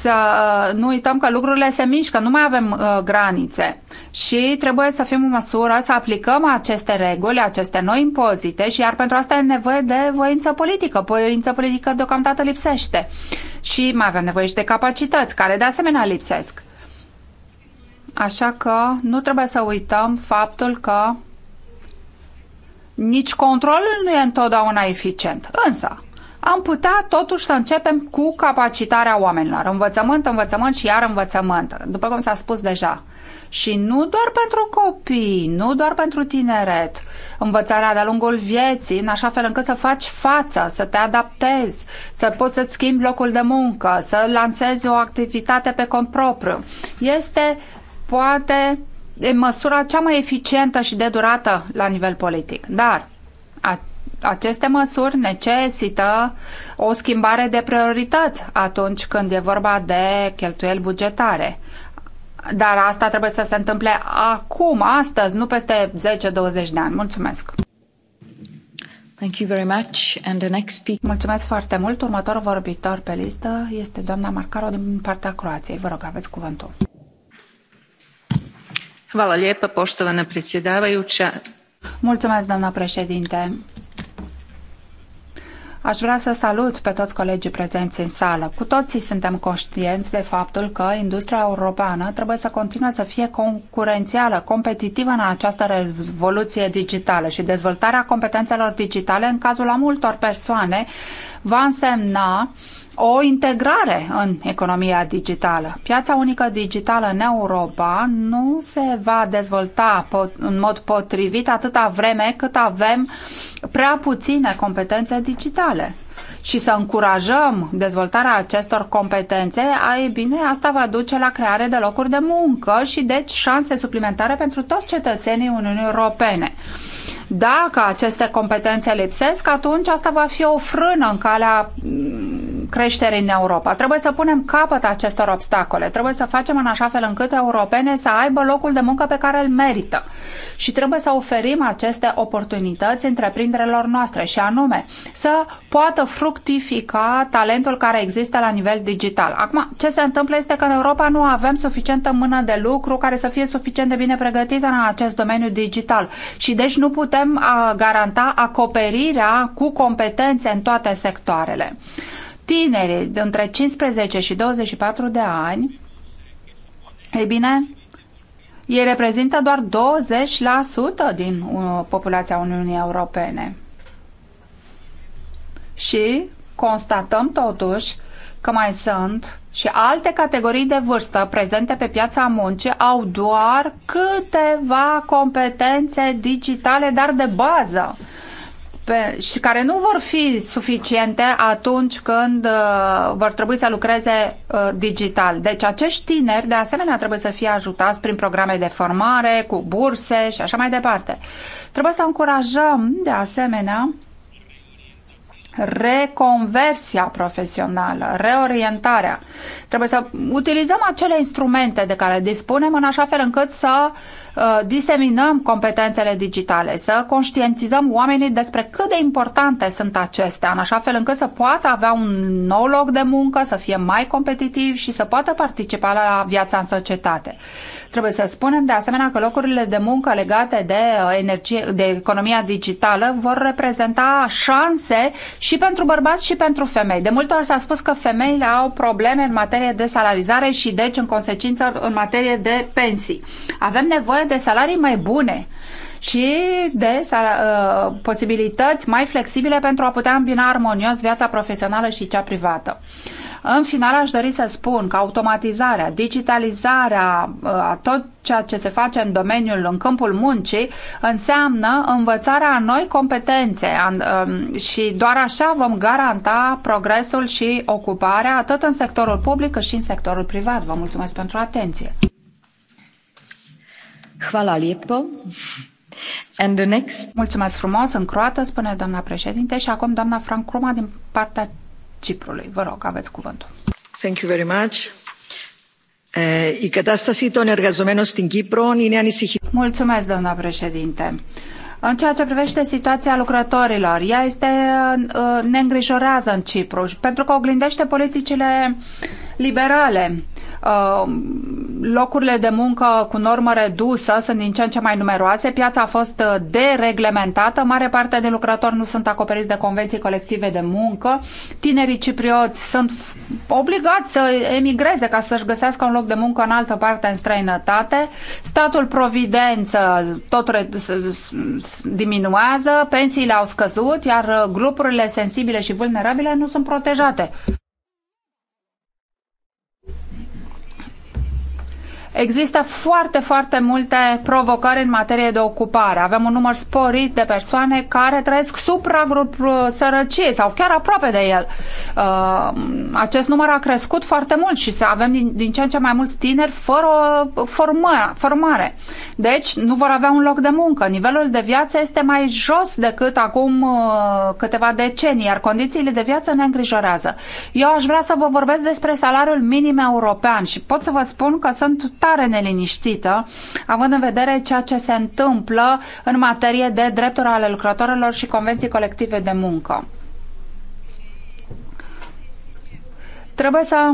să uh, nu uităm că lucrurile se mișcă, nu mai avem uh, granițe și trebuie să fim în măsură să aplicăm aceste reguli, aceste noi impozite și iar pentru asta e nevoie de voință politică. Voință politică deocamdată lipsește și mai avem nevoie și de capacități care de asemenea lipsesc. Așa că nu trebuie să uităm faptul că nici controlul nu e întotdeauna eficient. Însă, am putea totuși să începem cu capacitarea oamenilor. Învățământ, învățământ și iar învățământ, după cum s-a spus deja. Și nu doar pentru copii, nu doar pentru tineret. Învățarea de-a lungul vieții, în așa fel încât să faci față, să te adaptezi, să poți să-ți schimbi locul de muncă, să lansezi o activitate pe cont propriu. Este, poate, măsura cea mai eficientă și de durată la nivel politic. Dar, aceste măsuri necesită o schimbare de priorități atunci când e vorba de cheltuieli bugetare. Dar asta trebuie să se întâmple acum, astăzi, nu peste 10-20 de ani. Mulțumesc! Thank you very much. And the next speaker... Mulțumesc foarte mult. Următorul vorbitor pe listă este doamna Marcaro din partea Croației. Vă rog, aveți cuvântul. Hvala lijepa, poštovana predsjedavajuća. Mulțumesc, doamna președinte. Aș vrea să salut pe toți colegii prezenți în sală. Cu toții suntem conștienți de faptul că industria europeană trebuie să continue să fie concurențială, competitivă în această revoluție digitală și dezvoltarea competențelor digitale în cazul a multor persoane va însemna o integrare în economia digitală. Piața unică digitală în Europa nu se va dezvolta în mod potrivit atâta vreme cât avem prea puține competențe digitale și să încurajăm dezvoltarea acestor competențe, ai bine, asta va duce la creare de locuri de muncă și deci șanse suplimentare pentru toți cetățenii Uniunii Europene. Dacă aceste competențe lipsesc, atunci asta va fi o frână în calea creștere în Europa. Trebuie să punem capăt acestor obstacole. Trebuie să facem în așa fel încât europene să aibă locul de muncă pe care îl merită. Și trebuie să oferim aceste oportunități întreprinderilor noastre și anume să poată fructifica talentul care există la nivel digital. Acum, ce se întâmplă este că în Europa nu avem suficientă mână de lucru care să fie suficient de bine pregătită în acest domeniu digital. Și deci nu putem garanta acoperirea cu competențe în toate sectoarele tineri de între 15 și 24 de ani, e bine, ei reprezintă doar 20% din uh, populația Uniunii Europene. Și constatăm totuși că mai sunt și alte categorii de vârstă prezente pe piața muncii au doar câteva competențe digitale, dar de bază pe, și care nu vor fi suficiente atunci când uh, vor trebui să lucreze uh, digital. Deci acești tineri de asemenea trebuie să fie ajutați prin programe de formare, cu burse și așa mai departe. Trebuie să încurajăm de asemenea reconversia profesională, reorientarea. Trebuie să utilizăm acele instrumente de care dispunem în așa fel încât să uh, Uh, diseminăm competențele digitale, să conștientizăm oamenii despre cât de importante sunt acestea, în așa fel încât să poată avea un nou loc de muncă, să fie mai competitiv și să poată participa la viața în societate. Trebuie să spunem de asemenea că locurile de muncă legate de, uh, energie, de economia digitală vor reprezenta șanse și pentru bărbați și pentru femei. De multe ori s-a spus că femeile au probleme în materie de salarizare și deci în consecință în materie de pensii. Avem nevoie de salarii mai bune și de uh, posibilități mai flexibile pentru a putea îmbina armonios viața profesională și cea privată. În final, aș dori să spun că automatizarea, digitalizarea, uh, a tot ceea ce se face în domeniul, în câmpul muncii, înseamnă învățarea a noi competențe um, și doar așa vom garanta progresul și ocuparea atât în sectorul public cât și în sectorul privat. Vă mulțumesc pentru atenție! Hvala lijepo. And the next... Mulțumesc frumos, în croată, spune doamna președinte, și acum doamna Frank Roma din partea Ciprului. Vă rog, aveți cuvântul. Thank you very much. Uh, η κατάσταση των εργαζομένων στην Κύπρο είναι ανησυχητική. Mulțumesc, doamna președinte. În ceea ce privește situația lucrătorilor, ea este, eh, ne îngrijorează în Cipru, pentru că oglindește politicile liberale Um, locurile de muncă cu normă redusă sunt din ce în ce mai numeroase, piața a fost uh, dereglementată, mare parte de lucrători nu sunt acoperiți de convenții colective de muncă, tinerii ciprioți sunt obligați să emigreze ca să-și găsească un loc de muncă în altă parte, în străinătate, statul providență tot diminuează, pensiile au scăzut, iar uh, grupurile sensibile și vulnerabile nu sunt protejate. Există foarte, foarte multe provocări în materie de ocupare. Avem un număr sporit de persoane care trăiesc sub pragul uh, sărăciei sau chiar aproape de el. Uh, acest număr a crescut foarte mult și avem din, din ce în ce mai mulți tineri fără formă, formare. Deci nu vor avea un loc de muncă. Nivelul de viață este mai jos decât acum uh, câteva decenii, iar condițiile de viață ne îngrijorează. Eu aș vrea să vă vorbesc despre salariul minim european și pot să vă spun că sunt tare neliniștită, având în vedere ceea ce se întâmplă în materie de drepturi ale lucrătorilor și convenții colective de muncă. Trebuie să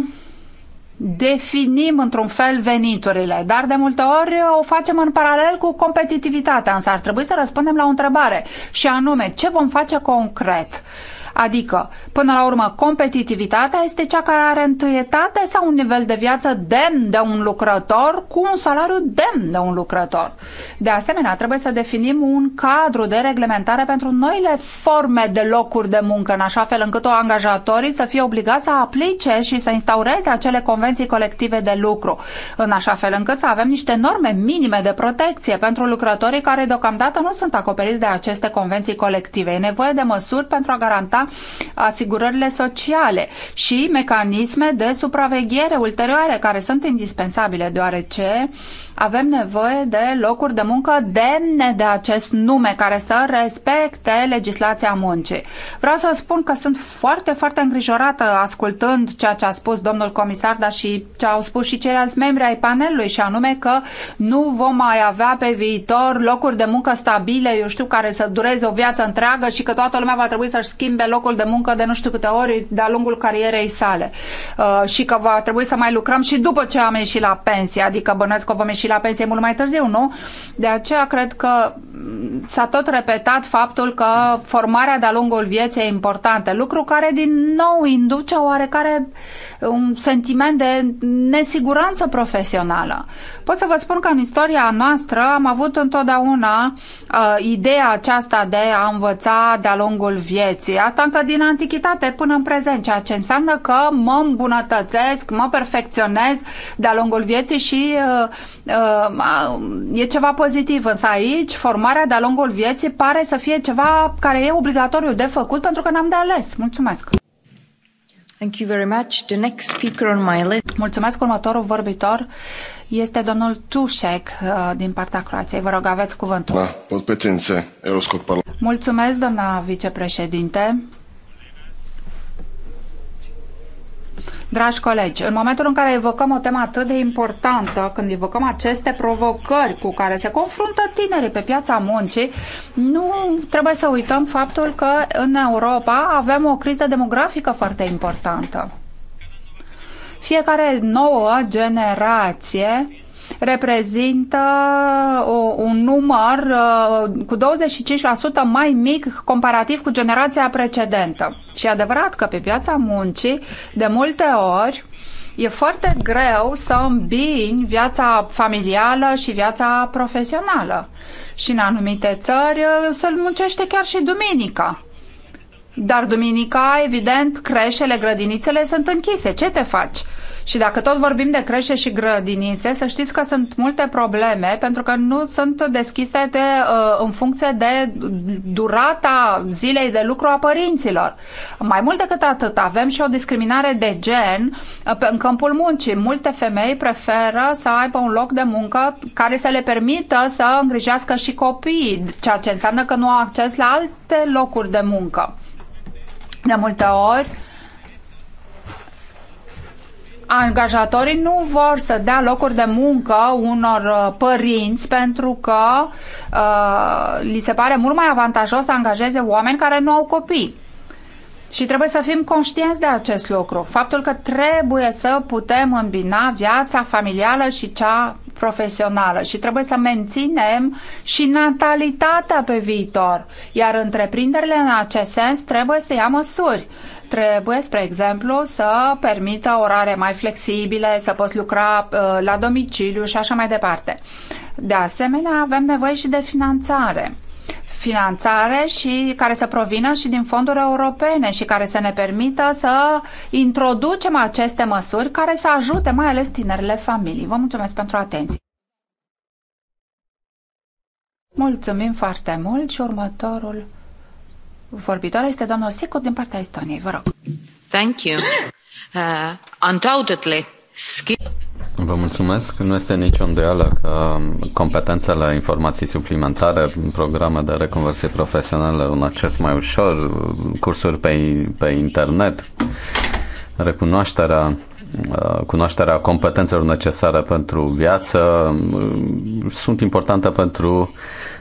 definim într-un fel veniturile, dar de multe ori o facem în paralel cu competitivitatea, însă ar trebui să răspundem la o întrebare și anume ce vom face concret. Uh, Adică, până la urmă, competitivitatea este cea care are întâietate sau un nivel de viață demn de un lucrător cu un salariu demn de un lucrător. De asemenea, trebuie să definim un cadru de reglementare pentru noile forme de locuri de muncă, în așa fel încât o angajatorii să fie obligați să aplice și să instaureze acele convenții colective de lucru, în așa fel încât să avem niște norme minime de protecție pentru lucrătorii care deocamdată nu sunt acoperiți de aceste convenții colective. E nevoie de măsuri pentru a garanta asigurările sociale și mecanisme de supraveghere ulterioare care sunt indispensabile deoarece avem nevoie de locuri de muncă demne de acest nume, care să respecte legislația muncii. Vreau să spun că sunt foarte, foarte îngrijorată ascultând ceea ce a spus domnul comisar, dar și ce au spus și ceilalți membri ai panelului, și anume că nu vom mai avea pe viitor locuri de muncă stabile, eu știu, care să dureze o viață întreagă și că toată lumea va trebui să-și schimbe locul de muncă de nu știu câte ori de-a lungul carierei sale. Uh, și că va trebui să mai lucrăm și după ce am ieșit la pensie, adică bănuiesc că vom ieși și la pensie mult mai târziu, nu? De aceea cred că s-a tot repetat faptul că formarea de-a lungul vieții e importantă, lucru care din nou induce oarecare un sentiment de nesiguranță profesională. Pot să vă spun că în istoria noastră am avut întotdeauna uh, ideea aceasta de a învăța de-a lungul vieții. Asta încă din antichitate până în prezent, ceea ce înseamnă că mă îmbunătățesc, mă perfecționez de-a lungul vieții și uh, Uh, e ceva pozitiv, însă aici formarea de-a lungul vieții pare să fie ceva care e obligatoriu de făcut pentru că n-am de ales. Mulțumesc! Thank you very much. The next speaker on my list. Mulțumesc. Următorul vorbitor este domnul Tușek uh, din partea Croației. Vă rog, aveți cuvântul. Da, pot Euroscop Mulțumesc, doamna vicepreședinte. Dragi colegi, în momentul în care evocăm o temă atât de importantă, când evocăm aceste provocări cu care se confruntă tinerii pe piața muncii, nu trebuie să uităm faptul că în Europa avem o criză demografică foarte importantă. Fiecare nouă generație reprezintă un număr uh, cu 25% mai mic comparativ cu generația precedentă. Și e adevărat că pe piața muncii, de multe ori, e foarte greu să îmbini viața familială și viața profesională. Și în anumite țări uh, se muncește chiar și duminica. Dar duminica, evident, creșele, grădinițele sunt închise. Ce te faci? Și dacă tot vorbim de crește și grădinițe, să știți că sunt multe probleme pentru că nu sunt deschise de, uh, în funcție de durata zilei de lucru a părinților. Mai mult decât atât, avem și o discriminare de gen uh, în câmpul muncii. Multe femei preferă să aibă un loc de muncă care să le permită să îngrijească și copiii, ceea ce înseamnă că nu au acces la alte locuri de muncă. De multe ori, uh, angajatorii nu vor să dea locuri de muncă unor uh, părinți pentru că uh, li se pare mult mai avantajos să angajeze oameni care nu au copii. Și trebuie să fim conștienți de acest lucru, faptul că trebuie să putem îmbina viața familială și cea profesională și trebuie să menținem și natalitatea pe viitor. Iar întreprinderile în acest sens trebuie să ia măsuri trebuie, spre exemplu, să permită orare mai flexibile, să poți lucra uh, la domiciliu și așa mai departe. De asemenea, avem nevoie și de finanțare finanțare și care să provină și din fonduri europene și care să ne permită să introducem aceste măsuri care să ajute mai ales tinerile familii. Vă mulțumesc pentru atenție. Mulțumim foarte mult și următorul vorbitor este domnul Sicu din partea Estoniei. Vă rog. Thank you. Uh, undoubtedly, skills Vă mulțumesc. Nu este nicio îndoială că competențele informații suplimentare, programe de reconversie profesională, un acces mai ușor, cursuri pe, pe internet, recunoașterea uh, cunoașterea competențelor necesare pentru viață uh, sunt importante pentru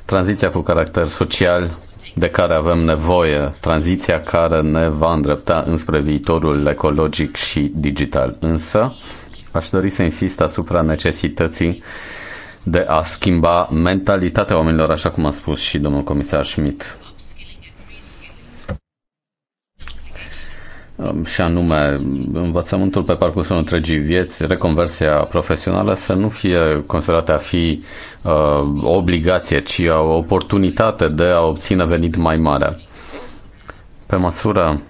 tranziția cu caracter social de care avem nevoie, tranziția care ne va îndrepta înspre viitorul ecologic și digital. Însă, Aș dori să insist asupra necesității de a schimba mentalitatea oamenilor, așa cum a spus și domnul comisar Schmidt. Um, și anume învățământul pe parcursul întregii vieți, reconversia profesională să nu fie considerată a fi uh, o obligație, ci o oportunitate de a obține venit mai mare. Pe măsură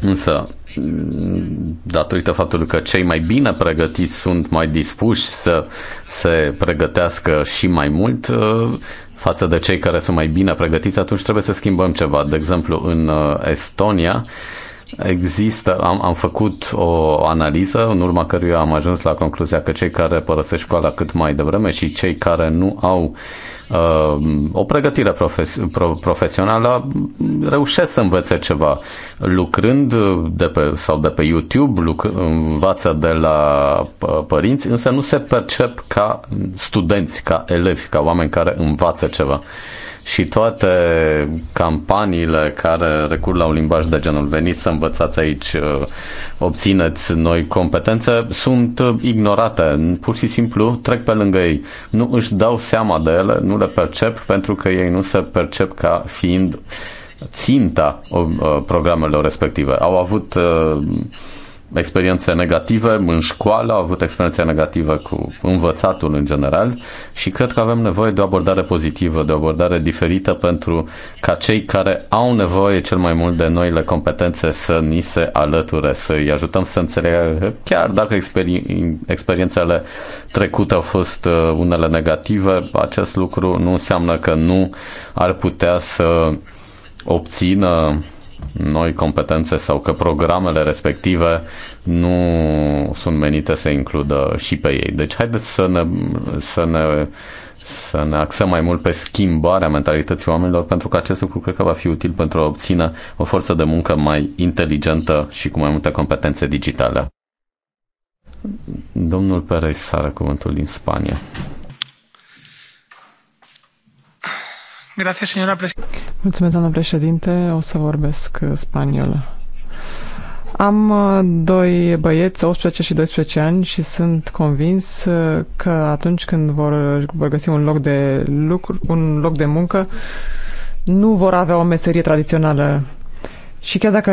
însă Mm, datorită faptului că cei mai bine pregătiți sunt mai dispuși să se pregătească și mai mult uh, față de cei care sunt mai bine pregătiți, atunci trebuie să schimbăm ceva. De exemplu, în uh, Estonia există, am, am făcut o analiză în urma căruia am ajuns la concluzia că cei care părăsesc școala cât mai devreme și cei care nu au uh, Uh, o pregătire profes- pro- profesională, reușesc să învețe ceva lucrând de pe, sau de pe YouTube, lucr- învață de la părinți, însă nu se percep ca studenți, ca elevi, ca oameni care învață ceva și toate campaniile care recurg la un limbaj de genul veniți să învățați aici, uh, obțineți noi competențe, sunt uh, ignorate, pur și simplu trec pe lângă ei. Nu își dau seama de ele, nu le percep pentru că ei nu se percep ca fiind ținta uh, programelor respective. Au avut uh, experiențe negative în școală, au avut experiențe negative cu învățatul în general și cred că avem nevoie de o abordare pozitivă, de o abordare diferită pentru ca cei care au nevoie cel mai mult de noile competențe să ni se alăture, să-i ajutăm să înțeleagă chiar dacă experi- experiențele trecute au fost uh, unele negative, acest lucru nu înseamnă că nu ar putea să obțină noi competențe sau că programele respective nu sunt menite să includă și pe ei. Deci haideți să ne, să ne, să ne axăm mai mult pe schimbarea mentalității oamenilor pentru că acest lucru cred că va fi util pentru a obține o forță de muncă mai inteligentă și cu mai multe competențe digitale. Domnul Perez are cuvântul din Spania. Mulțumesc, doamnă președinte. O să vorbesc uh, spaniolă. Am uh, doi băieți, 18 și 12 ani și sunt convins uh, că atunci când vor, vor găsi un loc de lucru, un loc de muncă, nu vor avea o meserie tradițională. Și chiar dacă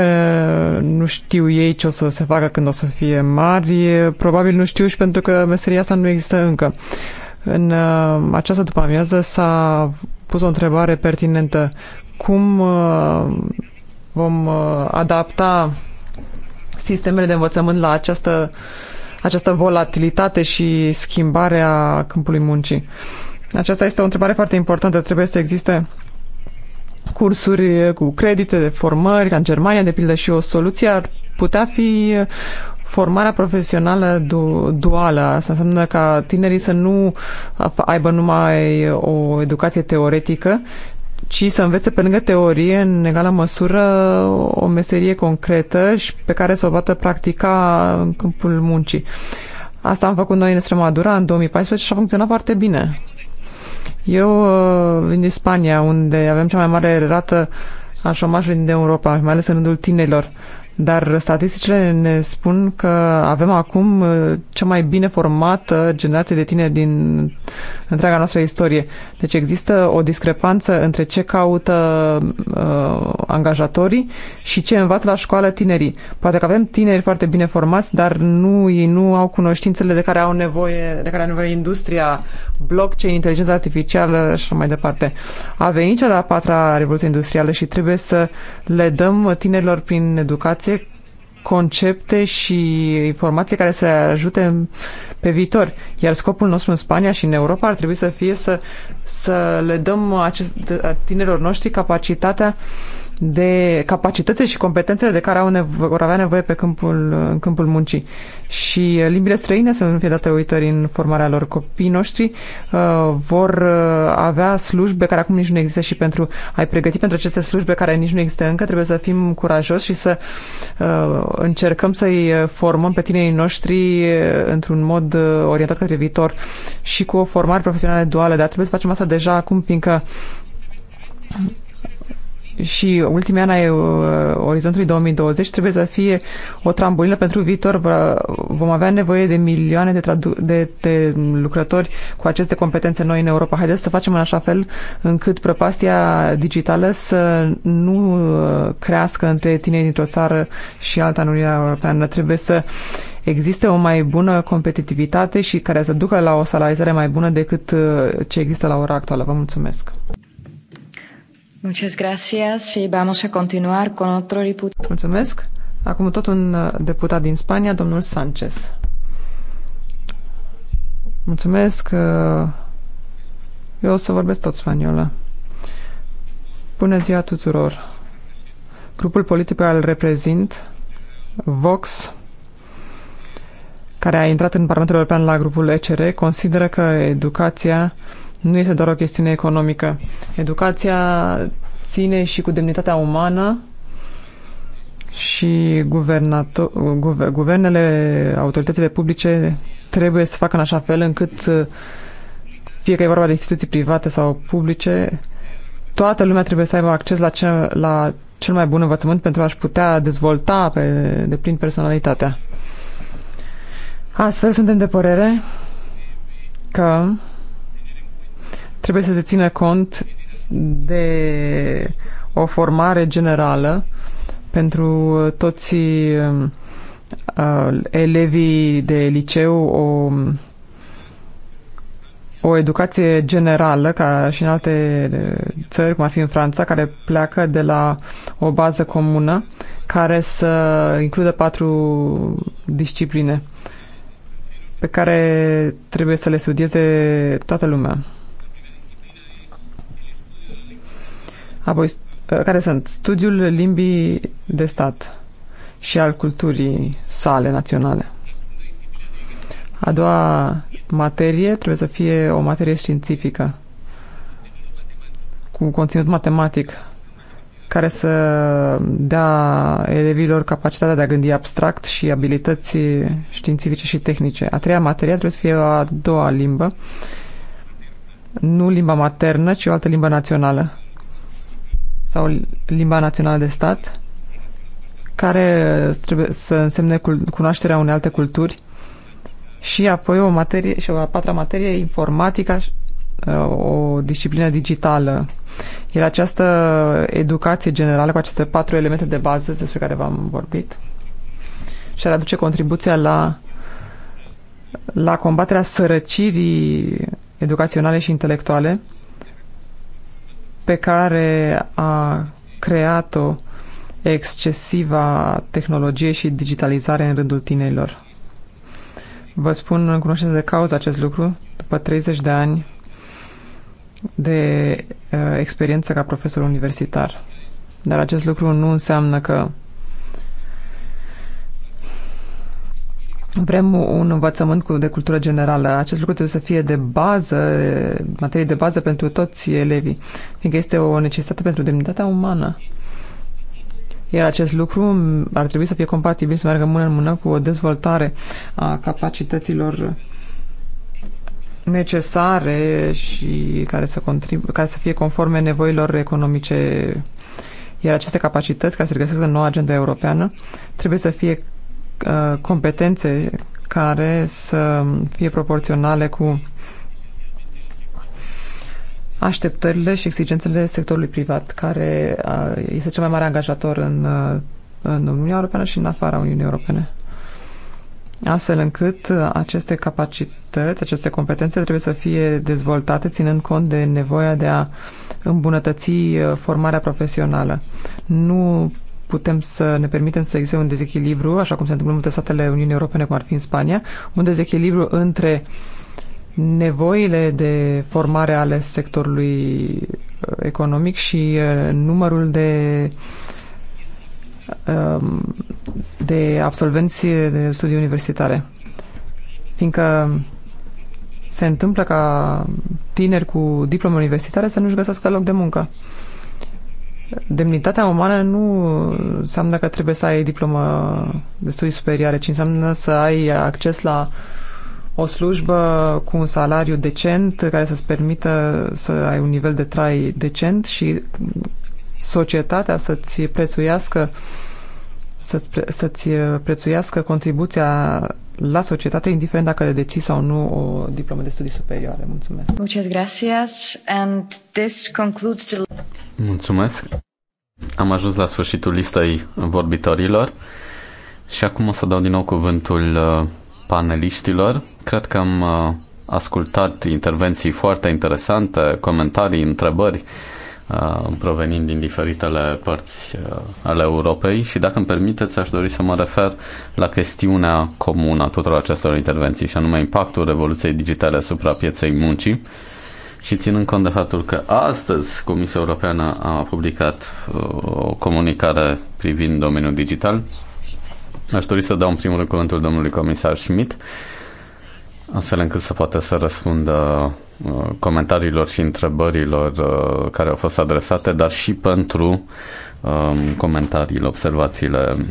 nu știu ei ce o să se facă când o să fie mari, probabil nu știu și pentru că meseria asta nu există încă. În această după amiază s-a pus o întrebare pertinentă. Cum uh, vom uh, adapta sistemele de învățământ la această, această volatilitate și schimbarea câmpului muncii? Aceasta este o întrebare foarte importantă. Trebuie să existe cursuri cu credite de formări, ca în Germania, de pildă, și o soluție ar putea fi formarea profesională du- duală. Asta înseamnă ca tinerii să nu aibă numai o educație teoretică, ci să învețe pe lângă teorie, în egală măsură, o meserie concretă și pe care să o poată practica în câmpul muncii. Asta am făcut noi în Extremadura în 2014 și a funcționat foarte bine. Eu vin uh, din Spania, unde avem cea mai mare rată a șomajului din Europa, mai ales în rândul tinerilor. Dar statisticile ne spun că avem acum uh, cea mai bine formată generație de tineri din întreaga noastră istorie. Deci există o discrepanță între ce caută uh, angajatorii și ce învață la școală tinerii. Poate că avem tineri foarte bine formați, dar nu, ei nu au cunoștințele de care au nevoie, de care au nevoie industria, blockchain, inteligența artificială și mai departe. A venit cea de-a patra revoluție industrială și trebuie să le dăm tinerilor prin educație informație, concepte și informații care să ajute pe viitor. Iar scopul nostru în Spania și în Europa ar trebui să fie să, să le dăm acest, tinerilor noștri capacitatea uh, de capacitățile și competențele de care au nevo- vor avea nevoie pe câmpul, în câmpul muncii. Și uh, limbile străine să nu fie date uitări în formarea lor. Copiii noștri uh, vor uh, avea slujbe care acum nici nu există și pentru a-i pregăti pentru aceste slujbe care nici nu există încă, trebuie să fim curajoși și să uh, încercăm să-i uh, formăm pe tinerii noștri într-un mod orientat către viitor și cu o formare profesională duală, dar trebuie să facem asta deja acum, fiindcă și ultimii ani ai uh, orizontului 2020 trebuie să fie o trambulină pentru viitor. Vom avea nevoie de milioane de, de, de lucrători cu aceste competențe noi în Europa. Haideți să facem în așa fel încât prăpastia digitală să nu uh, crească între tineri dintr-o țară și alta în Uniunea Europeană. Trebuie să existe o mai bună competitivitate și care să ducă la o salarizare mai bună decât uh, ce există la ora actuală. Vă mulțumesc! Muchas gracias y vamos a continuar con otro diputado. Mulțumesc. Acum tot un uh, deputat din Spania, domnul Sanchez. Mulțumesc. Uh, eu o să vorbesc tot spaniolă. Bună ziua tuturor. Grupul politic al care reprezint, Vox, care a intrat în Parlamentul European la grupul ECR, consideră că educația nu este doar o chestiune economică. Educația ține și cu demnitatea umană și guver guvernele, autoritățile publice trebuie să facă în așa fel încât, uh, fie că e vorba de instituții private sau publice, toată lumea trebuie să aibă acces la, ce, la cel mai bun învățământ pentru a-și putea dezvolta pe deplin personalitatea. Astfel suntem de părere că Trebuie să se țină cont de o formare generală pentru toți um, uh, elevii de liceu, o, o educație generală, ca și în alte uh, țări, cum ar fi în Franța, care pleacă de la o bază comună, care să includă patru discipline pe care trebuie să le studieze toată lumea. Apoi, uh, care sunt studiul limbii de stat și al culturii sale naționale. A doua materie trebuie să fie o materie științifică cu conținut matematic care să dea elevilor capacitatea de a gândi abstract și abilități științifice și tehnice. A treia materie trebuie să fie a doua limbă, nu limba maternă, ci o altă limbă națională sau limba națională de stat, care trebuie să însemne cunoașterea unei alte culturi și apoi o materie și o a patra materie informatica uh, o disciplină digitală. Iar această educație generală cu aceste patru elemente de bază despre care v-am vorbit și ar aduce contribuția la, la combaterea sărăcirii educaționale și intelectuale pe care a creat-o excesiva tehnologie și digitalizare în rândul tinerilor. Vă spun în cunoștință de cauză acest lucru, după 30 de ani de uh, experiență ca profesor universitar. Dar acest lucru nu înseamnă că Vrem un învățământ de cultură generală. Acest lucru trebuie să fie de bază, materie de bază pentru toți elevii, fiindcă este o necesitate pentru demnitatea umană. Iar acest lucru ar trebui să fie compatibil, să meargă mână în mână cu o dezvoltare a capacităților necesare și care să, contribu- care să fie conforme nevoilor economice. Iar aceste capacități care se regăsesc în noua agenda europeană trebuie să fie Uh, competențe care să fie proporționale cu așteptările și exigențele sectorului privat, care uh, este cel mai mare angajator în, uh, în Uniunea Europeană și în afara Uniunii Europene. Astfel încât aceste capacități, aceste competențe trebuie să fie dezvoltate ținând cont de nevoia de a îmbunătăți formarea profesională. Nu putem să ne permitem să existe un dezechilibru, așa cum se întâmplă în multe statele Uniunii Europene, cum ar fi în Spania, un dezechilibru între nevoile de formare ale sectorului uh, economic și uh, numărul de um, de absolvenți de studii universitare. Fiindcă se întâmplă ca tineri cu diplomă universitare să nu-și găsească loc de muncă. Demnitatea umană nu înseamnă că trebuie să ai diplomă de studii superioare, ci înseamnă să ai acces la o slujbă cu un salariu decent care să-ți permită să ai un nivel de trai decent și societatea să-ți prețuiască uh, să-ți, pre- să-ți uh, prețuiască contribuția la societate, indiferent dacă le deții sau nu o diplomă de studii superioare. Mulțumesc. Muchas gracias and this concludes the... Mulțumesc. Am ajuns la sfârșitul listei vorbitorilor și acum o să dau din nou cuvântul uh, paneliștilor. Cred că am uh, ascultat intervenții foarte interesante, comentarii, întrebări Uh, provenind din diferitele părți uh, ale Europei și dacă îmi permiteți aș dori să mă refer la chestiunea comună a tuturor acestor intervenții și anume impactul revoluției digitale asupra pieței muncii și ținând cont de faptul că astăzi Comisia Europeană a publicat uh, o comunicare privind domeniul digital, aș dori să dau în primul rând cuvântul domnului comisar Schmidt astfel încât să poată să răspundă comentariilor și întrebărilor uh, care au fost adresate, dar și pentru um, comentariile, observațiile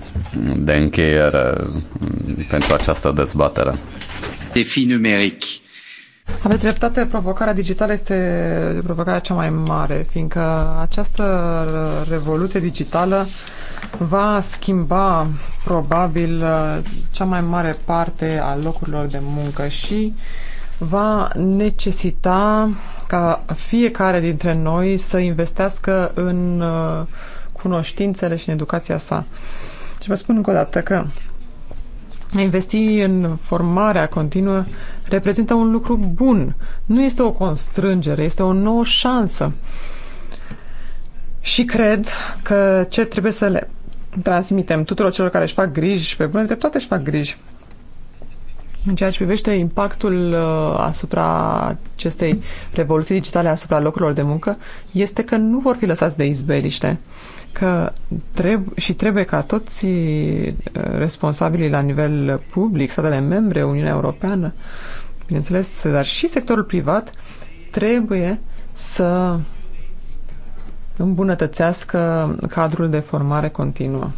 de încheiere um, pentru această dezbatere. Defi numeric. Aveți dreptate, provocarea digitală este provocarea cea mai mare, fiindcă această revoluție digitală va schimba probabil cea mai mare parte a locurilor de muncă și uh, va necesita ca fiecare dintre noi să investească în uh, cunoștințele și în educația sa. Și vă spun încă o dată că a investi în formarea continuă reprezintă un lucru bun. Nu este o constrângere, este o nouă șansă. Și cred că ce trebuie să le transmitem tuturor celor care își fac griji, pe bună dreptate își fac griji, în ceea ce privește impactul uh, asupra acestei revoluții digitale asupra locurilor de muncă, este că nu vor fi lăsați de izbeliște că treb- și trebuie ca toți uh, responsabilii la nivel public, statele membre, Uniunea Europeană, bineînțeles, dar și sectorul privat, trebuie să îmbunătățească cadrul de formare continuă.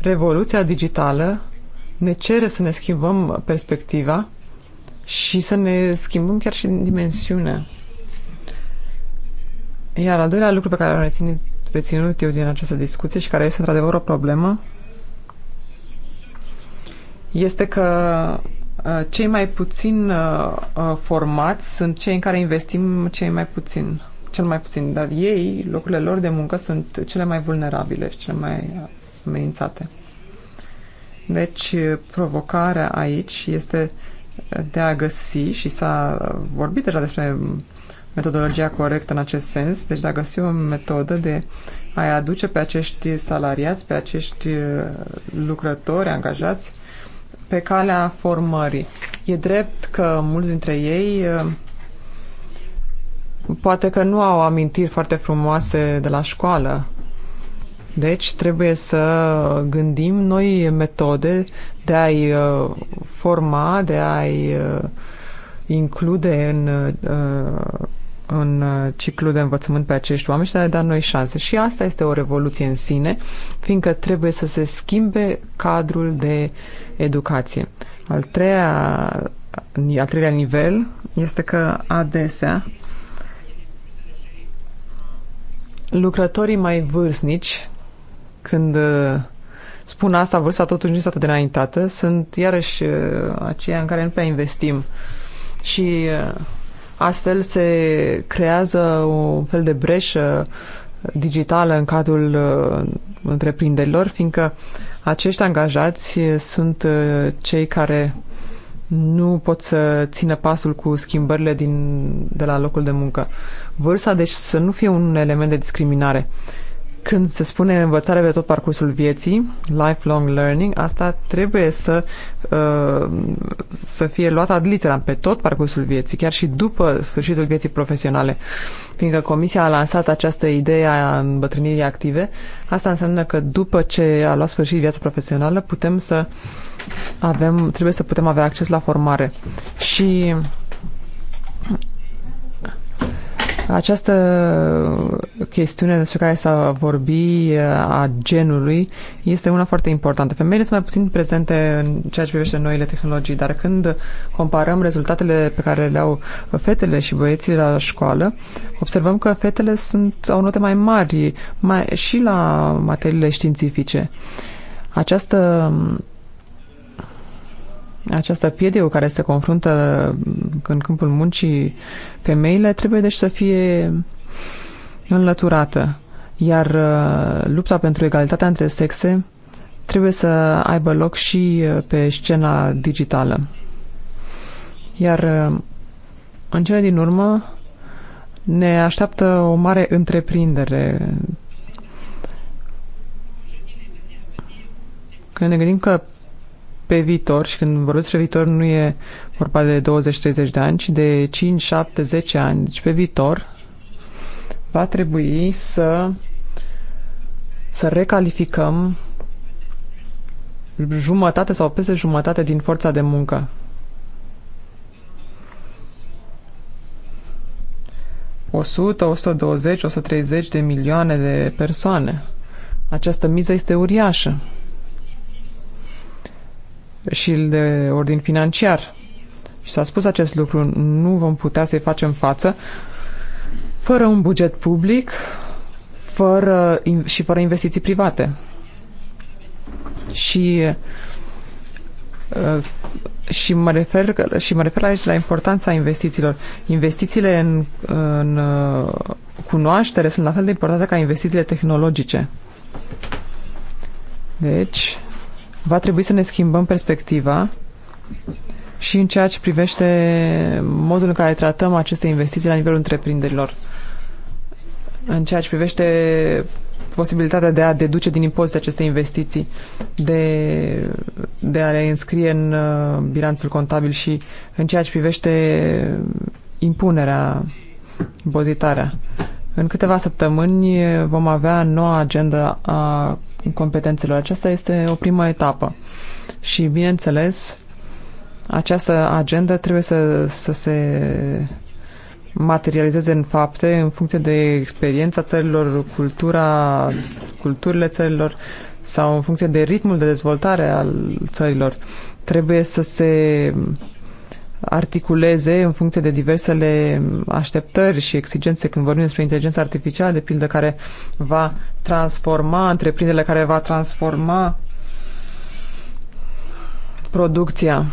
Revoluția digitală ne cere să ne schimbăm perspectiva și să ne schimbăm chiar și dimensiunea. Iar al doilea lucru pe care l-am reținut, reținut eu din această discuție și care este într-adevăr o problemă este că uh, cei mai puțin uh, uh, formați sunt cei în care investim cei mai puțin, cel mai puțin, dar ei, locurile lor de muncă sunt cele mai vulnerabile și cele mai amenințate. Deci, eh, provocarea aici este de a găsi, și s-a vorbit deja despre metodologia corectă în acest sens, deci de a găsi o metodă de a aduce pe acești salariați, pe acești eh, lucrători angajați pe calea formării. E drept că mulți dintre ei eh, poate că nu au amintiri foarte frumoase de la școală, deci trebuie să gândim noi metode de a-i uh, forma, de a-i uh, include în, uh, în ciclu de învățământ pe acești oameni și de a da noi șanse. Și asta este o revoluție în sine, fiindcă trebuie să se schimbe cadrul de educație. Al treia, al treilea nivel este că adesea lucrătorii mai vârstnici când uh, spun asta, vârsta totuși nu este atât de înaintată, sunt iarăși uh, aceia în care nu prea investim. Și uh, astfel se creează un fel de breșă digitală în cadrul întreprinderilor, fiindcă acești angajați sunt cei care nu pot să țină pasul cu schimbările din, de la locul de muncă. Vârsta, deci, să nu fie un element de discriminare. Când se spune învățare pe tot parcursul vieții, lifelong learning, asta trebuie să, uh, să fie luată ad literam pe tot parcursul vieții, chiar și după sfârșitul vieții profesionale. Fiindcă Comisia a lansat această idee a îmbătrânirii active, asta înseamnă că după ce a luat sfârșit viața profesională, putem să avem, trebuie să putem avea acces la formare. Și această chestiune despre care s-a vorbit uh, a genului este una foarte importantă. Femeile sunt mai puțin prezente în ceea ce privește noile tehnologii, dar când comparăm rezultatele pe care le au fetele și băieții la școală, observăm că fetele sunt, au note mai mari mai, și la materiile științifice. Această această piedică cu care se confruntă în câmpul muncii femeile trebuie deci să fie înlăturată. Iar uh, lupta pentru egalitatea între sexe trebuie să aibă loc și uh, pe scena digitală. Iar uh, în cele din urmă ne așteaptă o mare întreprindere. Când ne gândim că pe viitor, și când vorbesc pe viitor nu e vorba de 20-30 de ani, ci de 5, 7, 10 ani. Deci pe viitor va trebui să, să recalificăm jumătate sau peste jumătate din forța de muncă. O 100, 120, 130 de milioane de persoane. Această miză este uriașă și de ordin financiar. Și s-a spus acest lucru, nu vom putea să-i facem față fără un buget public fără, și fără investiții private. Și uh, și mă refer, și mă refer aici la importanța investițiilor. Investițiile în, în uh, cunoaștere sunt la fel de importante ca investițiile tehnologice. Deci, Va trebui să ne schimbăm perspectiva și în ceea ce privește modul în care tratăm aceste investiții la nivelul întreprinderilor. În ceea ce privește posibilitatea de a deduce din impozite aceste investiții, de, de a le înscrie în uh, bilanțul contabil și în ceea ce privește impunerea, impozitarea. În câteva săptămâni vom avea noua agenda a competențelor. Aceasta este o primă etapă. Și, bineînțeles, această agendă trebuie să, să se materializeze în fapte în funcție de experiența țărilor, cultura, culturile țărilor sau în funcție de ritmul de dezvoltare al țărilor. Trebuie să se articuleze în funcție de diversele așteptări și exigențe când vorbim despre inteligența artificială, de pildă care va transforma, întreprinderile care va transforma producția,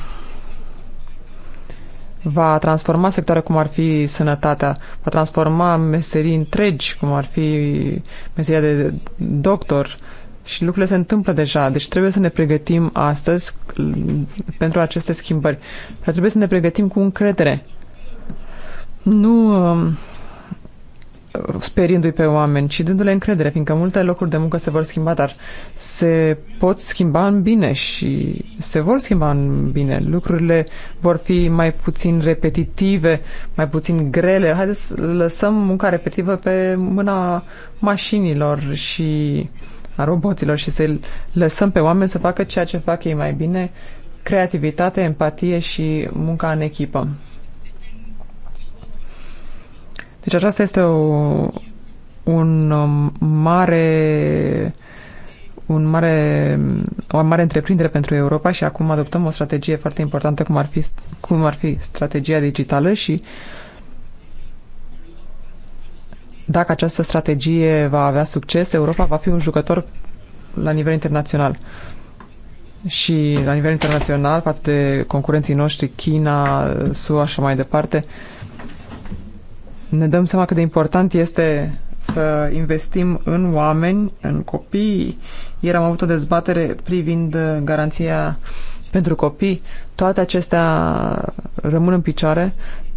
va transforma sectoare cum ar fi sănătatea, va transforma meserii întregi, cum ar fi meseria de doctor, și lucrurile se întâmplă deja, deci trebuie să ne pregătim astăzi pentru aceste schimbări. Dar trebuie să ne pregătim cu încredere. Nu um, sperindu-i pe oameni, ci dându-le încredere, fiindcă multe locuri de muncă se vor schimba, dar se pot schimba în bine și se vor schimba în bine. Lucrurile vor fi mai puțin repetitive, mai puțin grele. Haideți să lăsăm munca repetitivă pe mâna mașinilor și uh, a roboților și să lăsăm pe oameni să facă ceea ce fac ei mai bine, creativitate, empatie și munca în echipă. Deci aceasta este o, un um, mare un mare, o mare întreprindere pentru Europa și acum adoptăm o strategie foarte importantă cum ar fi, cum ar fi strategia digitală și uh, dacă această strategie va avea succes, Europa va fi un jucător la nivel internațional. Și la nivel internațional, față de concurenții noștri, China, SUA și mai departe, ne dăm seama cât de important este să investim în oameni, în copii. Ieri am avut o dezbatere privind garanția pentru copii. Toate acestea rămân în picioare.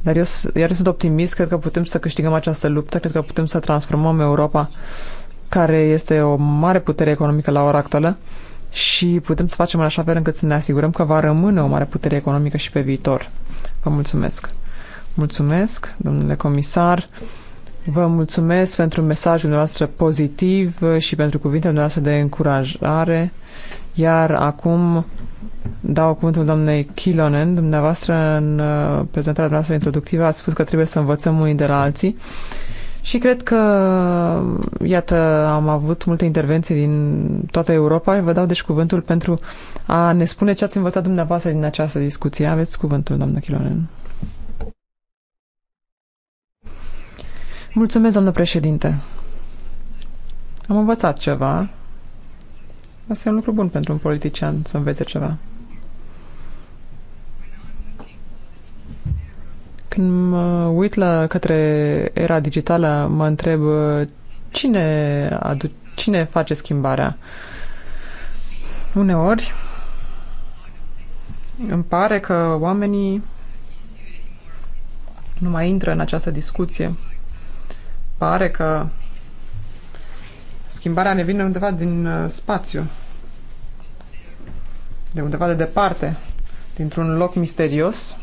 Dar eu, iar eu sunt optimist, cred că putem să câștigăm această luptă, cred că putem să transformăm Europa, care este o mare putere economică la ora actuală, și putem să facem în așa fel încât să ne asigurăm că va rămâne o mare putere economică și pe viitor. Vă mulțumesc! Mulțumesc, domnule comisar! Vă mulțumesc pentru mesajul noastră pozitiv și pentru cuvintele noastre de încurajare. Iar acum dau cuvântul doamnei Kilonen. Dumneavoastră, în uh, prezentarea noastră introductivă, ați spus că trebuie să învățăm unii de la alții. Și cred că, iată, am avut multe intervenții din toată Europa. Vă dau deci cuvântul pentru a ne spune ce ați învățat dumneavoastră din această discuție. Aveți cuvântul, doamnă Kilonen. Mulțumesc, doamnă președinte. Am învățat ceva. Asta e un lucru bun pentru un politician, să învețe ceva. Când mă uit la către era digitală, mă întreb uh, cine, adu- cine face schimbarea. Uneori îmi pare că oamenii nu mai intră în această discuție. Pare că schimbarea ne vine undeva din uh, spațiu, de undeva de departe, dintr-un loc misterios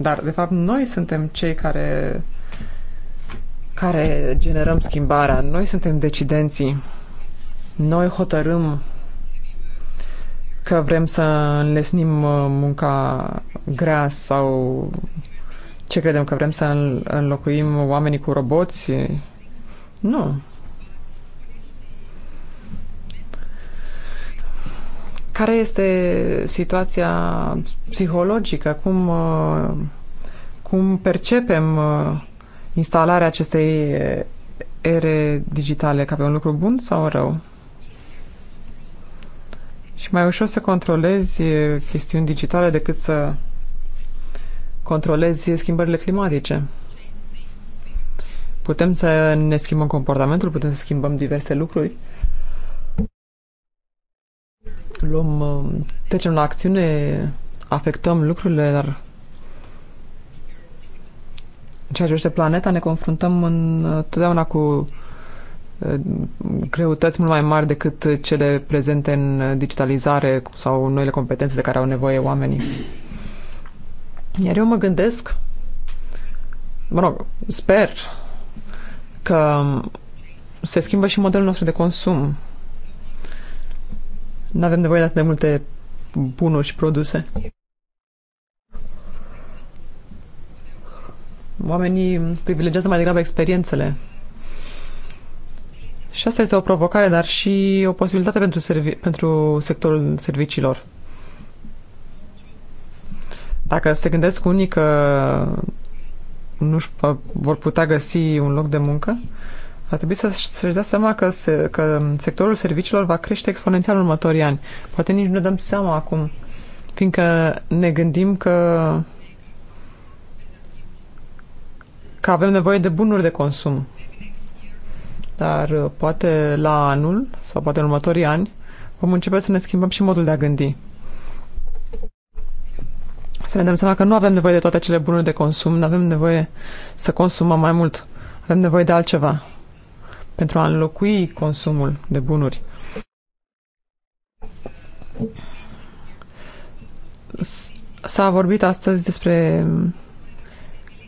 dar, de fapt, noi suntem cei care, care generăm schimbarea. Noi suntem decidenții. Noi hotărâm că vrem să înlesnim uh, munca grea sau ce credem că vrem să înlocuim oamenii cu roboți? Nu. Care este situația psihologică? Cum, uh, cum percepem uh, instalarea acestei ere digitale ca pe un lucru bun sau rău? Și mai ușor să controlezi uh, chestiuni digitale decât să controlezi schimbările climatice. Putem să ne schimbăm comportamentul, putem să schimbăm diverse lucruri, luăm, uh, trecem la acțiune, afectăm lucrurile, dar în ceea ce este planeta, ne confruntăm întotdeauna uh, cu uh, greutăți mult mai mari decât cele prezente în digitalizare sau noile competențe de care au nevoie oamenii. Iar eu mă gândesc, mă rog, sper că se schimbă și modelul nostru de consum nu avem nevoie de atât de multe bunuri și produse. Oamenii privilegiază mai degrabă experiențele. Și asta este o provocare, dar și o posibilitate pentru, servi- pentru sectorul serviciilor. Dacă se gândesc unii că nu vor putea găsi un loc de muncă, Va trebui să-și dea seama că, se, că sectorul serviciilor va crește exponențial în următorii ani. Poate nici nu ne dăm seama acum, fiindcă ne gândim că, că avem nevoie de bunuri de consum. Dar uh, poate la anul sau poate în următorii ani vom începe să ne schimbăm și modul de a gândi. Să ne dăm seama că nu avem nevoie de toate acele bunuri de consum, nu avem nevoie să consumăm mai mult. Avem nevoie de altceva pentru a înlocui consumul de bunuri. S-a vorbit astăzi despre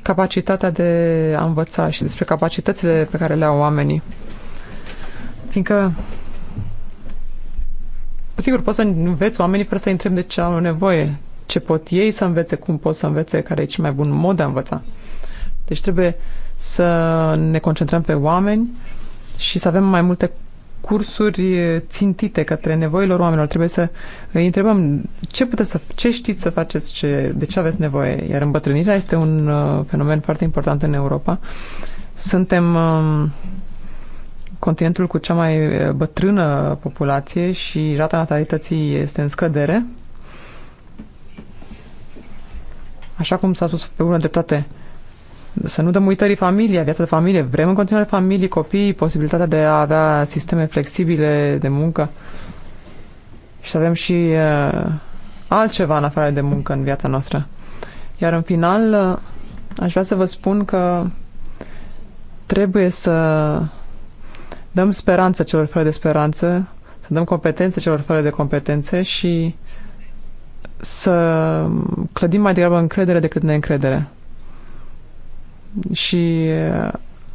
capacitatea de a învăța și despre capacitățile pe care le au oamenii. Fiindcă Sigur, poți să înveți oamenii fără să întrebi de ce au nevoie, ce pot ei să învețe, cum pot să învețe, care e cel mai bun mod de a învăța. Deci trebuie să ne concentrăm pe oameni și să avem mai multe cursuri eh, țintite către nevoilor oamenilor. Trebuie să îi eh, întrebăm ce puteți să, ce știți să faceți, ce, de ce aveți nevoie. Iar îmbătrânirea este un eh, fenomen foarte important în Europa. Suntem um, continentul cu cea mai bătrână populație și rata natalității este în scădere. Așa cum s-a spus pe bună dreptate, să nu dăm uitării familia, viața de familie. Vrem în continuare familii, copii, posibilitatea de a avea sisteme flexibile de muncă și să avem și uh, altceva în afară de muncă în viața noastră. Iar în final, uh, aș vrea să vă spun că trebuie să dăm speranță celor fără de speranță, să dăm competențe celor fără de competențe și să clădim mai degrabă încredere decât neîncredere și uh,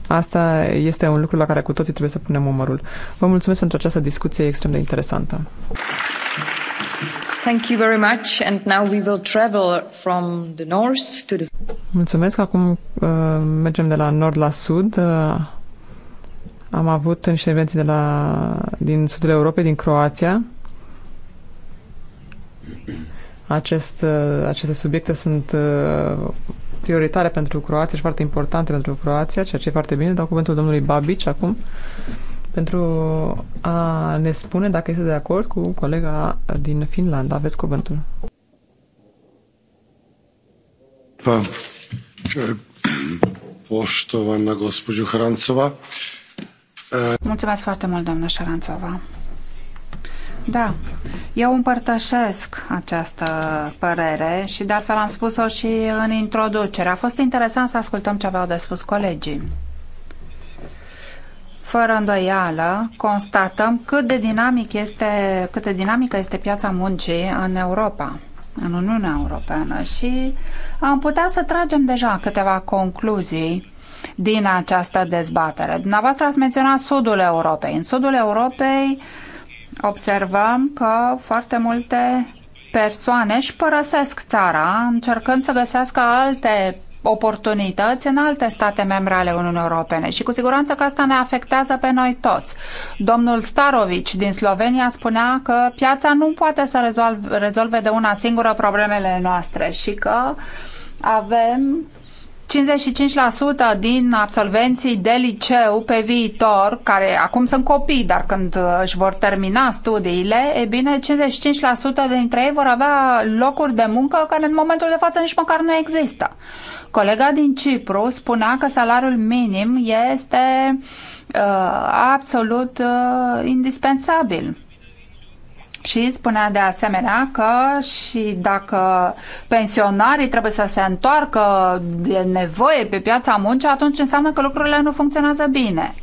asta este un lucru la care cu toții trebuie să punem umărul. Vă mulțumesc pentru această discuție extrem de interesantă. Thank you very much and now we will travel from the north to the Mulțumesc, acum uh, mergem de la nord la sud. Uh, am avut niște evenimente de la, din sudul Europei, din Croația. Acest, uh, aceste subiecte sunt uh, prioritare pentru Croația și foarte importante pentru Croația, ceea ce e foarte bine. Dau cuvântul domnului Babic acum pentru a ne spune dacă este de acord cu colega din Finlanda. Aveți cuvântul. Pa, poștovana gospođo Hranțova. Mulțumesc foarte mult, doamnă Șaranțova. Da, eu împărtășesc această părere și de altfel am spus-o și în introducere. A fost interesant să ascultăm ce aveau de spus colegii. Fără îndoială, constatăm cât de, dinamic este, cât de dinamică este piața muncii în Europa, în Uniunea Europeană și am putea să tragem deja câteva concluzii din această dezbatere. Dumneavoastră ați menționat sudul Europei. În sudul Europei uh, observăm că foarte multe persoane își părăsesc țara încercând să găsească alte oportunități în alte state membre ale Uniunii Europene și cu siguranță că asta ne afectează pe noi toți. Domnul Starovici din Slovenia spunea că piața nu poate să rezolve, de una singură problemele noastre și că avem 55% din absolvenții de liceu pe viitor, care acum sunt copii, dar când uh, își vor termina studiile, e bine, 55% dintre ei vor avea locuri de muncă care în momentul de față nici măcar nu există. Colega din Cipru spunea că salariul minim este uh, absolut uh, indispensabil. Și spunea de asemenea că și dacă pensionarii trebuie să se întoarcă de nevoie pe piața muncii, atunci înseamnă că lucrurile nu funcționează bine.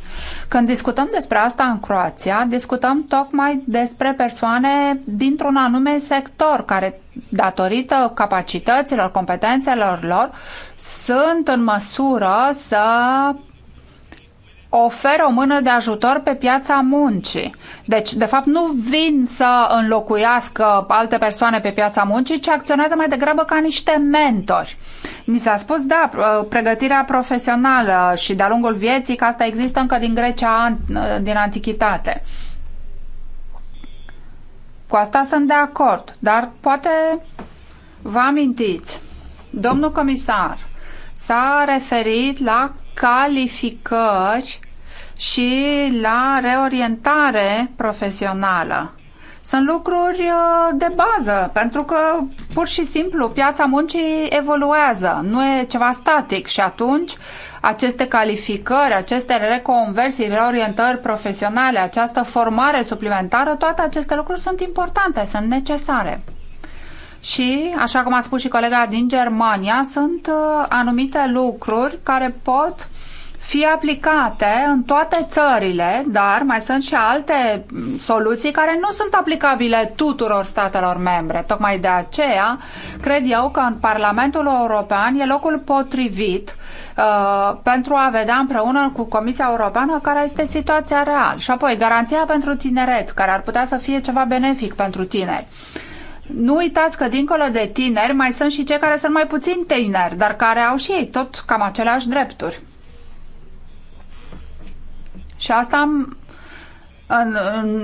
Când discutăm despre asta în Croația, discutăm tocmai despre persoane dintr-un anume sector care, datorită capacităților, competențelor lor, sunt în măsură să oferă o mână de ajutor pe piața muncii. Deci, de fapt, nu vin să înlocuiască alte persoane pe piața muncii, ci acționează mai degrabă ca niște mentori. Mi s-a spus, da, uh, pregătirea profesională și de-a lungul vieții, că asta există încă din Grecia, uh, din antichitate. Cu asta sunt de acord, dar poate vă amintiți, domnul comisar s-a referit la calificări și la reorientare profesională. Sunt lucruri uh, de bază, pentru că pur și simplu piața muncii evoluează, nu e ceva static și atunci aceste calificări, aceste reconversii, reorientări profesionale, această formare suplimentară, toate aceste lucruri sunt importante, sunt necesare. Și, așa cum a spus și colega din Germania, sunt uh, anumite lucruri care pot uh, fie aplicate în toate țările, dar mai sunt și alte soluții care nu sunt aplicabile tuturor statelor membre. Tocmai de aceea, cred eu că în Parlamentul European e locul potrivit uh, pentru a vedea împreună cu Comisia Europeană care este situația reală. Și apoi, garanția pentru tineret, care ar putea să fie ceva benefic pentru tineri. Nu uitați că dincolo de tineri mai sunt și cei care sunt mai puțin tineri, dar care au și ei tot cam aceleași drepturi. Și asta am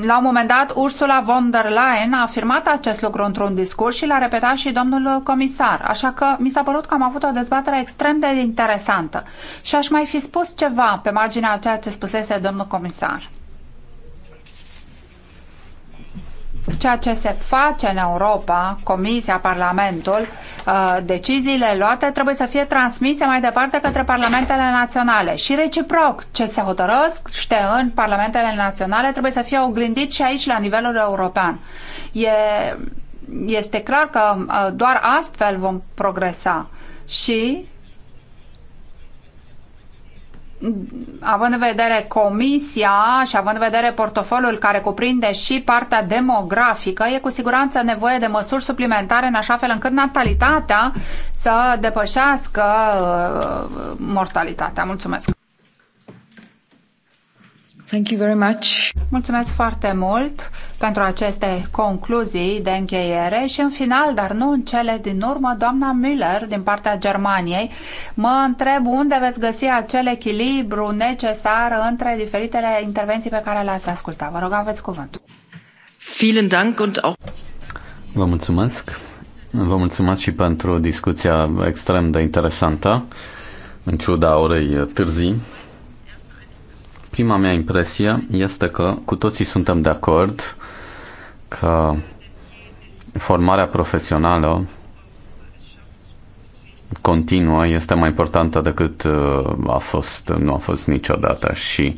la un moment dat, Ursula von der Leyen a afirmat acest lucru într-un discurs și l-a repetat și domnul comisar. Așa că mi s-a părut că am avut o dezbatere extrem de interesantă. Și aș mai fi spus ceva pe marginea a ceea ce spusese domnul comisar. ceea ce se face în Europa, Comisia, Parlamentul, uh, deciziile luate trebuie să fie transmise mai departe către parlamentele naționale și reciproc. Ce se hotărăsc ște în parlamentele naționale trebuie să fie oglindit și aici la nivelul european. E, este clar că uh, doar astfel vom progresa și având în vedere comisia și având în vedere portofoliul care cuprinde și partea demografică, e cu siguranță nevoie de măsuri suplimentare în așa fel încât natalitatea să depășească uh, mortalitatea. Mulțumesc! Thank you very much. Mulțumesc foarte mult pentru aceste concluzii de încheiere și în final, dar nu în cele din urmă, doamna Müller din partea Germaniei mă întreb unde veți găsi acel echilibru necesar între diferitele intervenții pe care le-ați ascultat. Vă rog, aveți cuvântul. Vielen Dank und auch Vă mulțumesc. Vă mulțumesc și pentru discuția extrem de interesantă, în ciuda orei târzii prima mea impresie este că cu toții suntem de acord că formarea profesională continuă este mai importantă decât uh, a fost, nu a fost niciodată și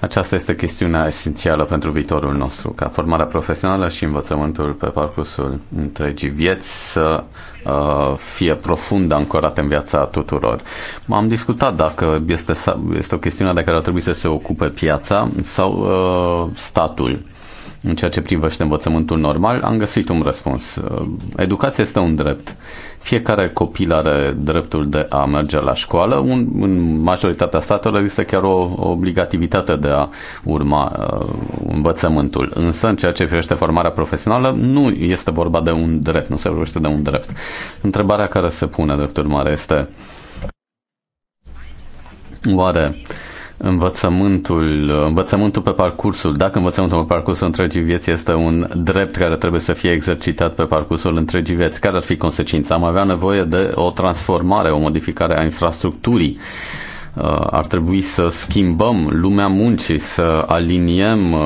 aceasta este chestiunea esențială pentru viitorul nostru, ca formarea profesională și învățământul pe parcursul întregii vieți să uh, fie profund ancorată în viața tuturor. Am discutat dacă este, este o chestiune de care ar trebui să se ocupe piața sau uh, statul în ceea ce privește învățământul normal, am găsit un răspuns. Educația este un drept. Fiecare copil are dreptul de a merge la școală. Un, în majoritatea statelor este chiar o, o obligativitate de a urma uh, învățământul. Însă, în ceea ce privește formarea profesională, nu este vorba de un drept, nu se vorbește de un drept. Întrebarea care se pune, drept urmare, este oare uh, învățământul, învățământul pe parcursul, dacă învățământul pe parcursul întregii vieți este un drept care trebuie să fie exercitat pe parcursul întregii vieți, care ar fi consecința? Am avea nevoie de o transformare, o modificare a infrastructurii Uh, ar trebui să schimbăm lumea muncii, să aliniem uh,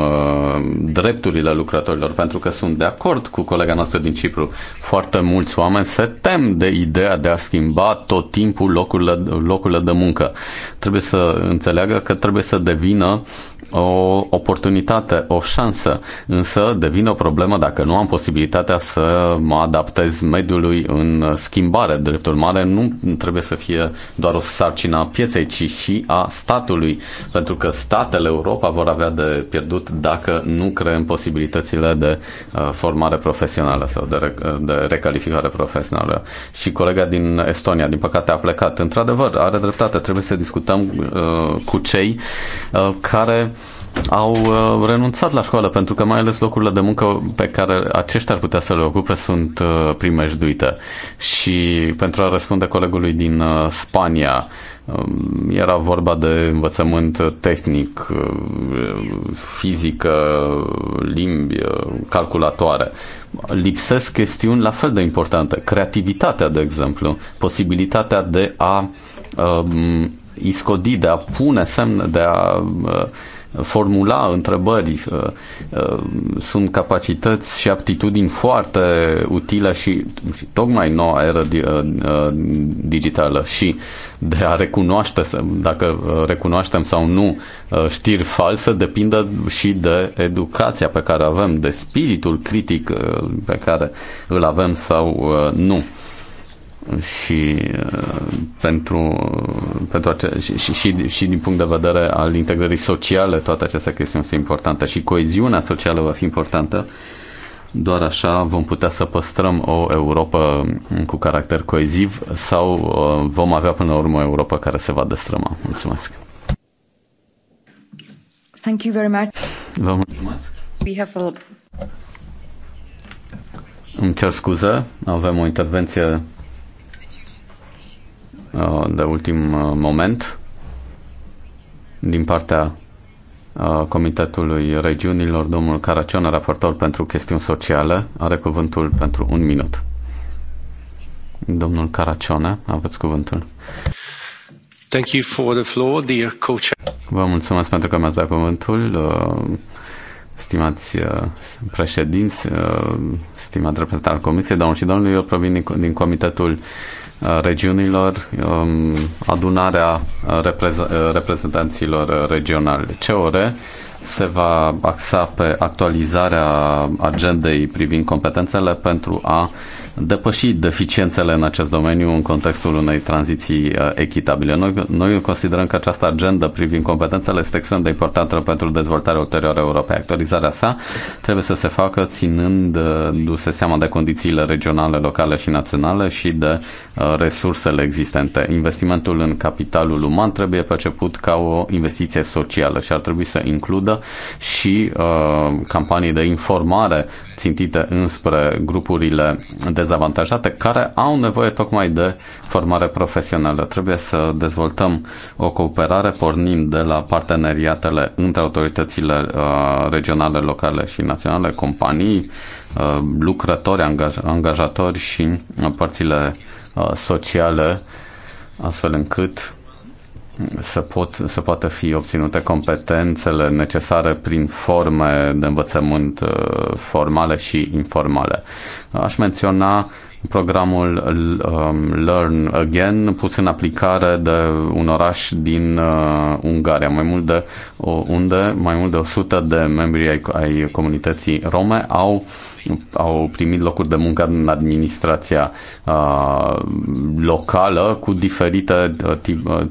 drepturile lucrătorilor, pentru că sunt de acord cu colega noastră din Cipru. Foarte mulți oameni se tem de ideea de a schimba tot timpul locurile, locurile de muncă. Trebuie să înțeleagă că trebuie să devină uh, o oportunitate, o șansă, însă devine o problemă dacă nu am posibilitatea să mă adaptez mediului în schimbare. Drept urmare, nu trebuie să fie doar o sarcină a pieței, ci și a statului, pentru că statele Europa vor avea de pierdut dacă nu creăm posibilitățile de uh, formare profesională sau de, rec- uh, de recalificare profesională. Și colega din Estonia, din păcate, a plecat. Într-adevăr, are dreptate, trebuie să discutăm uh, cu cei uh, care au uh, renunțat la școală pentru că mai ales locurile de muncă pe care aceștia ar putea să le ocupe sunt uh, primejduite. Și pentru a răspunde colegului din uh, Spania, um, era vorba de învățământ tehnic, fizică, limbi, calculatoare. Lipsesc chestiuni la fel de importante. Creativitatea, de exemplu, posibilitatea de a um, iscodi, de a pune semne, de a uh, formula întrebări. Uh, uh, sunt capacități și aptitudini foarte utile și, și tocmai noua era uh, digitală și de a recunoaște, dacă recunoaștem sau nu știri false, depinde și de educația pe care avem, de spiritul critic pe care îl avem sau nu și uh, pentru, uh, pentru ace- și, și, și, și din punct de vedere al integrării sociale, toate aceste chestiuni sunt importante și coeziunea socială va fi importantă. Doar așa vom putea să păstrăm o Europa um, cu caracter coeziv sau uh, vom avea până la urmă o Europa care se va destrăma. Mulțumesc! Thank you very much. Vă mulțumesc! We have a... Îmi cer scuze, avem o intervenție Uh, de ultim uh, moment din partea uh, Comitetului Regiunilor, domnul Caracion, raportor pentru chestiuni sociale, are cuvântul pentru un minut. Domnul Caracione, aveți cuvântul. Thank you for the floor, dear coach. Vă mulțumesc pentru că mi-ați dat cuvântul, stimați președinți, stimați reprezentanți al Comisiei, domnul și domnul, eu provin din Comitetul regiunilor, um, adunarea uh, uh, reprezentanților regionali COR se va axa pe actualizarea agendei privind competențele pentru a depăși deficiențele în acest domeniu în contextul unei tranziții uh, echitabile. Noi, noi considerăm că această agendă privind competențele este extrem de importantă pentru dezvoltarea ulterioară europei. Actualizarea sa trebuie să se facă ținându-se uh, seama de condițiile regionale, locale și naționale și de uh, resursele existente. Investimentul în capitalul uman trebuie perceput ca o investiție socială și ar trebui să includă și uh, campanii de informare țintite înspre grupurile de dezavantajate care au nevoie tocmai de formare profesională. Trebuie să dezvoltăm o cooperare pornind de la parteneriatele între autoritățile uh, regionale, locale și naționale, companii, uh, lucrători, angaj- angajatori și uh, părțile sociale, astfel încât să, pot, să poată fi obținute competențele necesare prin forme de învățământ uh, formale și informale. Aș menționa programul um, Learn Again pus în aplicare de un oraș din uh, Ungaria, mai mult de, unde mai mult de 100 de membri ai, comunității rome au au primit locuri de muncă în administrația locală cu diferite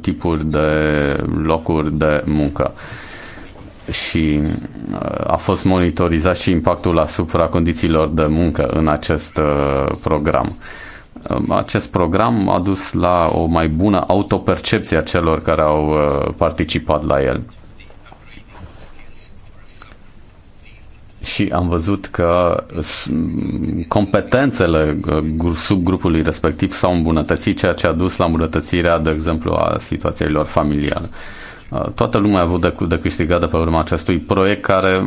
tipuri de locuri de muncă și a fost monitorizat și impactul asupra condițiilor de muncă în acest program. Acest program a dus la o mai bună autopercepție a celor care au participat la el. și am văzut că mm, competențele subgrupului respectiv s-au îmbunătățit, ceea ce a dus la îmbunătățirea, de exemplu, a situațiilor familiale. Toată lumea a avut de, de câștigat de pe urma acestui proiect care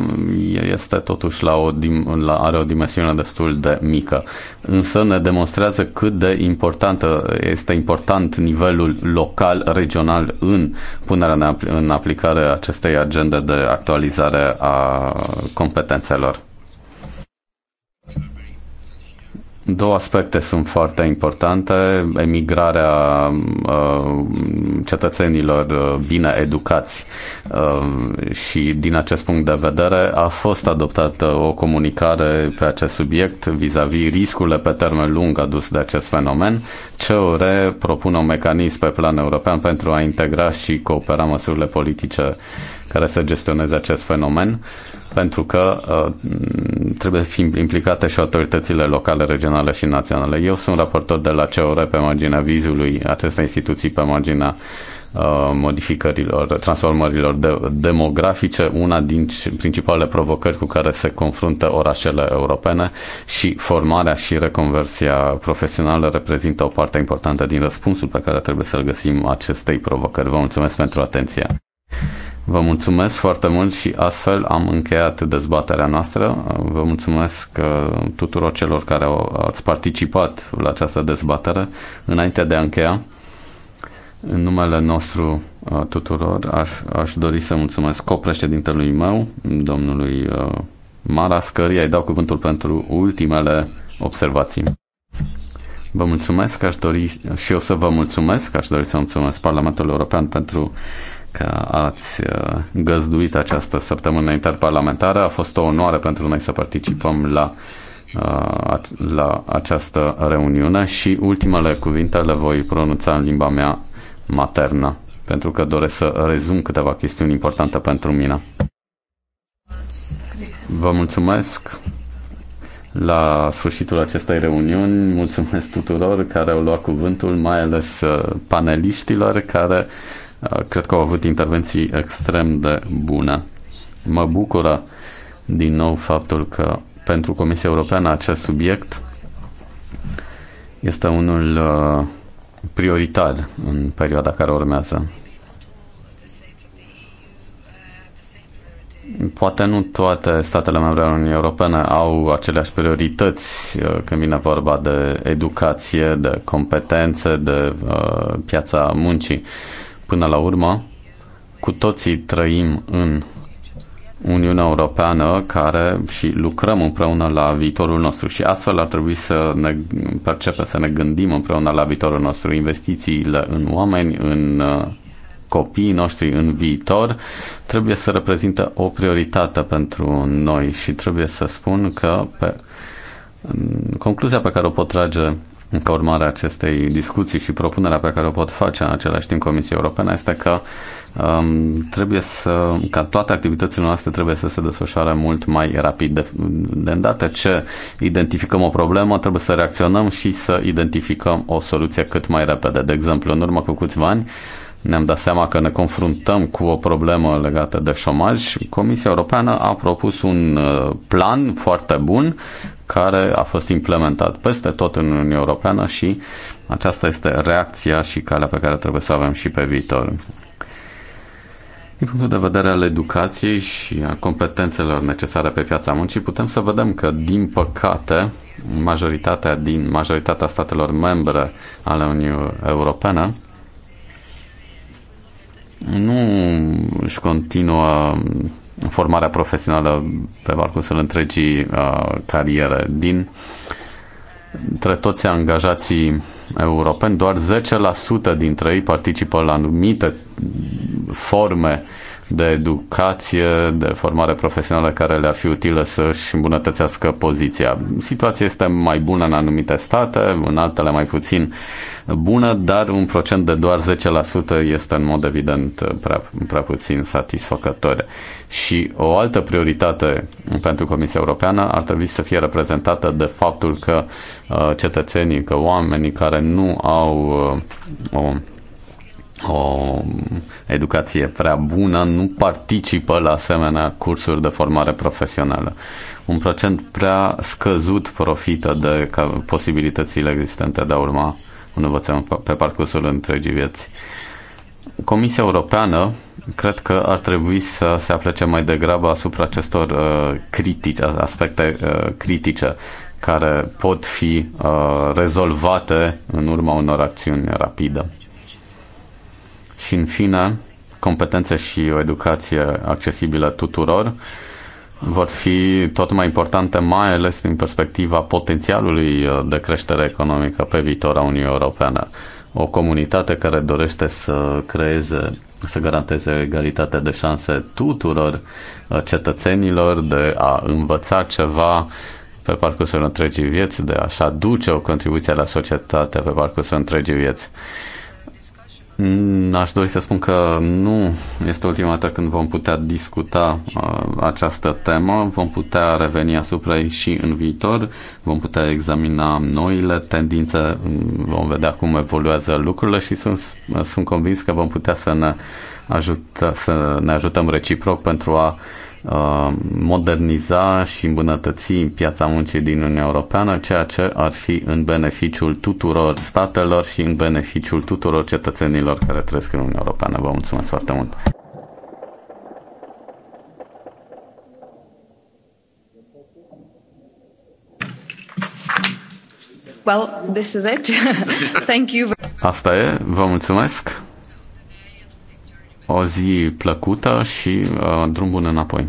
este totuși la o, la, are o dimensiune destul de mică. Însă ne demonstrează cât de importantă este important nivelul local, regional în punerea în, în aplicare acestei agende de actualizare a competențelor. Două aspecte sunt foarte importante. Emigrarea uh, cetățenilor uh, bine educați uh, și din acest punct de vedere a fost adoptată o comunicare pe acest subiect vis-a-vis -vis riscurile pe termen lung adus de acest fenomen. CEOR propune un mecanism pe plan european pentru a integra și coopera măsurile politice care să gestioneze acest fenomen, pentru că uh, trebuie să fim implicate și autoritățile locale, regionale și naționale. Eu sunt raportor de la CEOR pe marginea vizului acestei instituții, pe marginea uh, modificărilor, transformărilor de, demografice, una din principalele provocări cu care se confruntă orașele europene și formarea și reconversia profesională reprezintă o parte importantă din răspunsul pe care trebuie să-l găsim acestei provocări. Vă mulțumesc pentru atenție! Vă mulțumesc foarte mult și astfel am încheiat dezbaterea noastră. Vă mulțumesc uh, tuturor celor care ați participat la această dezbatere. Înainte de a încheia, în numele nostru uh, tuturor, aș, aș dori să mulțumesc copreședintelui meu, domnului uh, Maras, căruia îi dau cuvântul pentru ultimele observații. Vă mulțumesc, aș dori și eu să vă mulțumesc, aș dori să mulțumesc Parlamentul European pentru că ați uh, găzduit această săptămână interparlamentară. A fost o onoare pentru noi să participăm la, uh, la această reuniune și ultimele cuvinte le voi pronunța în limba mea maternă, pentru că doresc să rezum câteva chestiuni importante pentru mine. Vă mulțumesc la sfârșitul acestei reuniuni. Mulțumesc tuturor care au luat cuvântul, mai ales uh, paneliștilor care Cred că au avut intervenții extrem de bune. Mă bucură din nou faptul că pentru Comisia Europeană acest subiect este unul uh, prioritar în perioada care urmează. Poate nu toate statele membre ale Uniunii Europene au aceleași priorități uh, când vine vorba de educație, de competențe, de uh, piața muncii. Uh, Până la urmă, cu toții trăim în Uniunea Europeană care și lucrăm împreună la viitorul nostru și astfel ar trebui să ne percepem, să ne gândim împreună la viitorul nostru, investițiile în oameni, în uh, copiii noștri în viitor trebuie să reprezintă o prioritate pentru noi și trebuie să spun că pe concluzia pe care o pot trage ca urmare a acestei discuții și propunerea pe care o pot face în același timp Comisia Europeană este că um, trebuie să, ca toate activitățile noastre trebuie să se desfășoare mult mai rapid. De, de îndată ce identificăm o problemă, trebuie să reacționăm și să identificăm o soluție cât mai repede. De exemplu, în urmă cu câțiva ani, uh, ne-am dat seama că ne confruntăm cu o problemă legată de șomaj, Comisia Europeană a propus un uh, plan foarte bun care a fost implementat peste tot în Uniunea Europeană și aceasta este reacția și calea pe care trebuie să o avem și pe viitor. Din punctul de vedere al educației și a competențelor necesare pe piața muncii, putem să vedem că, din păcate, majoritatea din majoritatea statelor membre ale Uniunii Europene nu își continuă formarea profesională pe parcursul întregii uh, cariere. Din între toți angajații europeni, doar 10% dintre ei participă la anumite forme de educație, de formare profesională care le-ar fi utilă să-și îmbunătățească poziția. Situația este mai bună în anumite state, în altele mai puțin bună, dar un procent de doar 10% este în mod evident prea, prea puțin satisfăcător. Și o altă prioritate pentru Comisia Europeană ar trebui să fie reprezentată de faptul că uh, cetățenii, că oamenii care nu au uh, o o educație prea bună nu participă la asemenea cursuri de formare profesională. Un procent prea scăzut profită de posibilitățile existente de a urma un învățământ pe parcursul întregii vieți. Comisia Europeană cred că ar trebui să se aplece mai degrabă asupra acestor uh, critici, aspecte uh, critice care pot fi uh, rezolvate în urma unor acțiuni rapide și, în fine, competențe și o educație accesibilă tuturor vor fi tot mai importante, mai ales din perspectiva potențialului uh, de creștere economică pe viitor a Uniunii Europene. O comunitate care dorește să creeze, să garanteze egalitatea de șanse tuturor uh, cetățenilor de a învăța ceva pe parcursul întregii vieți, de a-și aduce o contribuție la societate pe parcursul întregii vieți. Mm, aș dori să spun că nu este ultima dată când vom putea discuta uh, această temă, vom putea reveni asupra ei și în viitor, vom putea examina noile tendințe, mm, vom vedea cum evoluează lucrurile și sunt, sunt convins că vom putea să ne, ajută, să ne ajutăm reciproc pentru a uh, Uh, moderniza și îmbunătăți piața muncii din Uniunea Europeană, ceea ce ar fi în beneficiul tuturor statelor și în beneficiul tuturor cetățenilor care trăiesc în Uniunea Europeană. Vă mulțumesc foarte mult! Well, this is it. Thank you. Asta e. Vă mulțumesc o zi plăcută și uh, drum bun înapoi.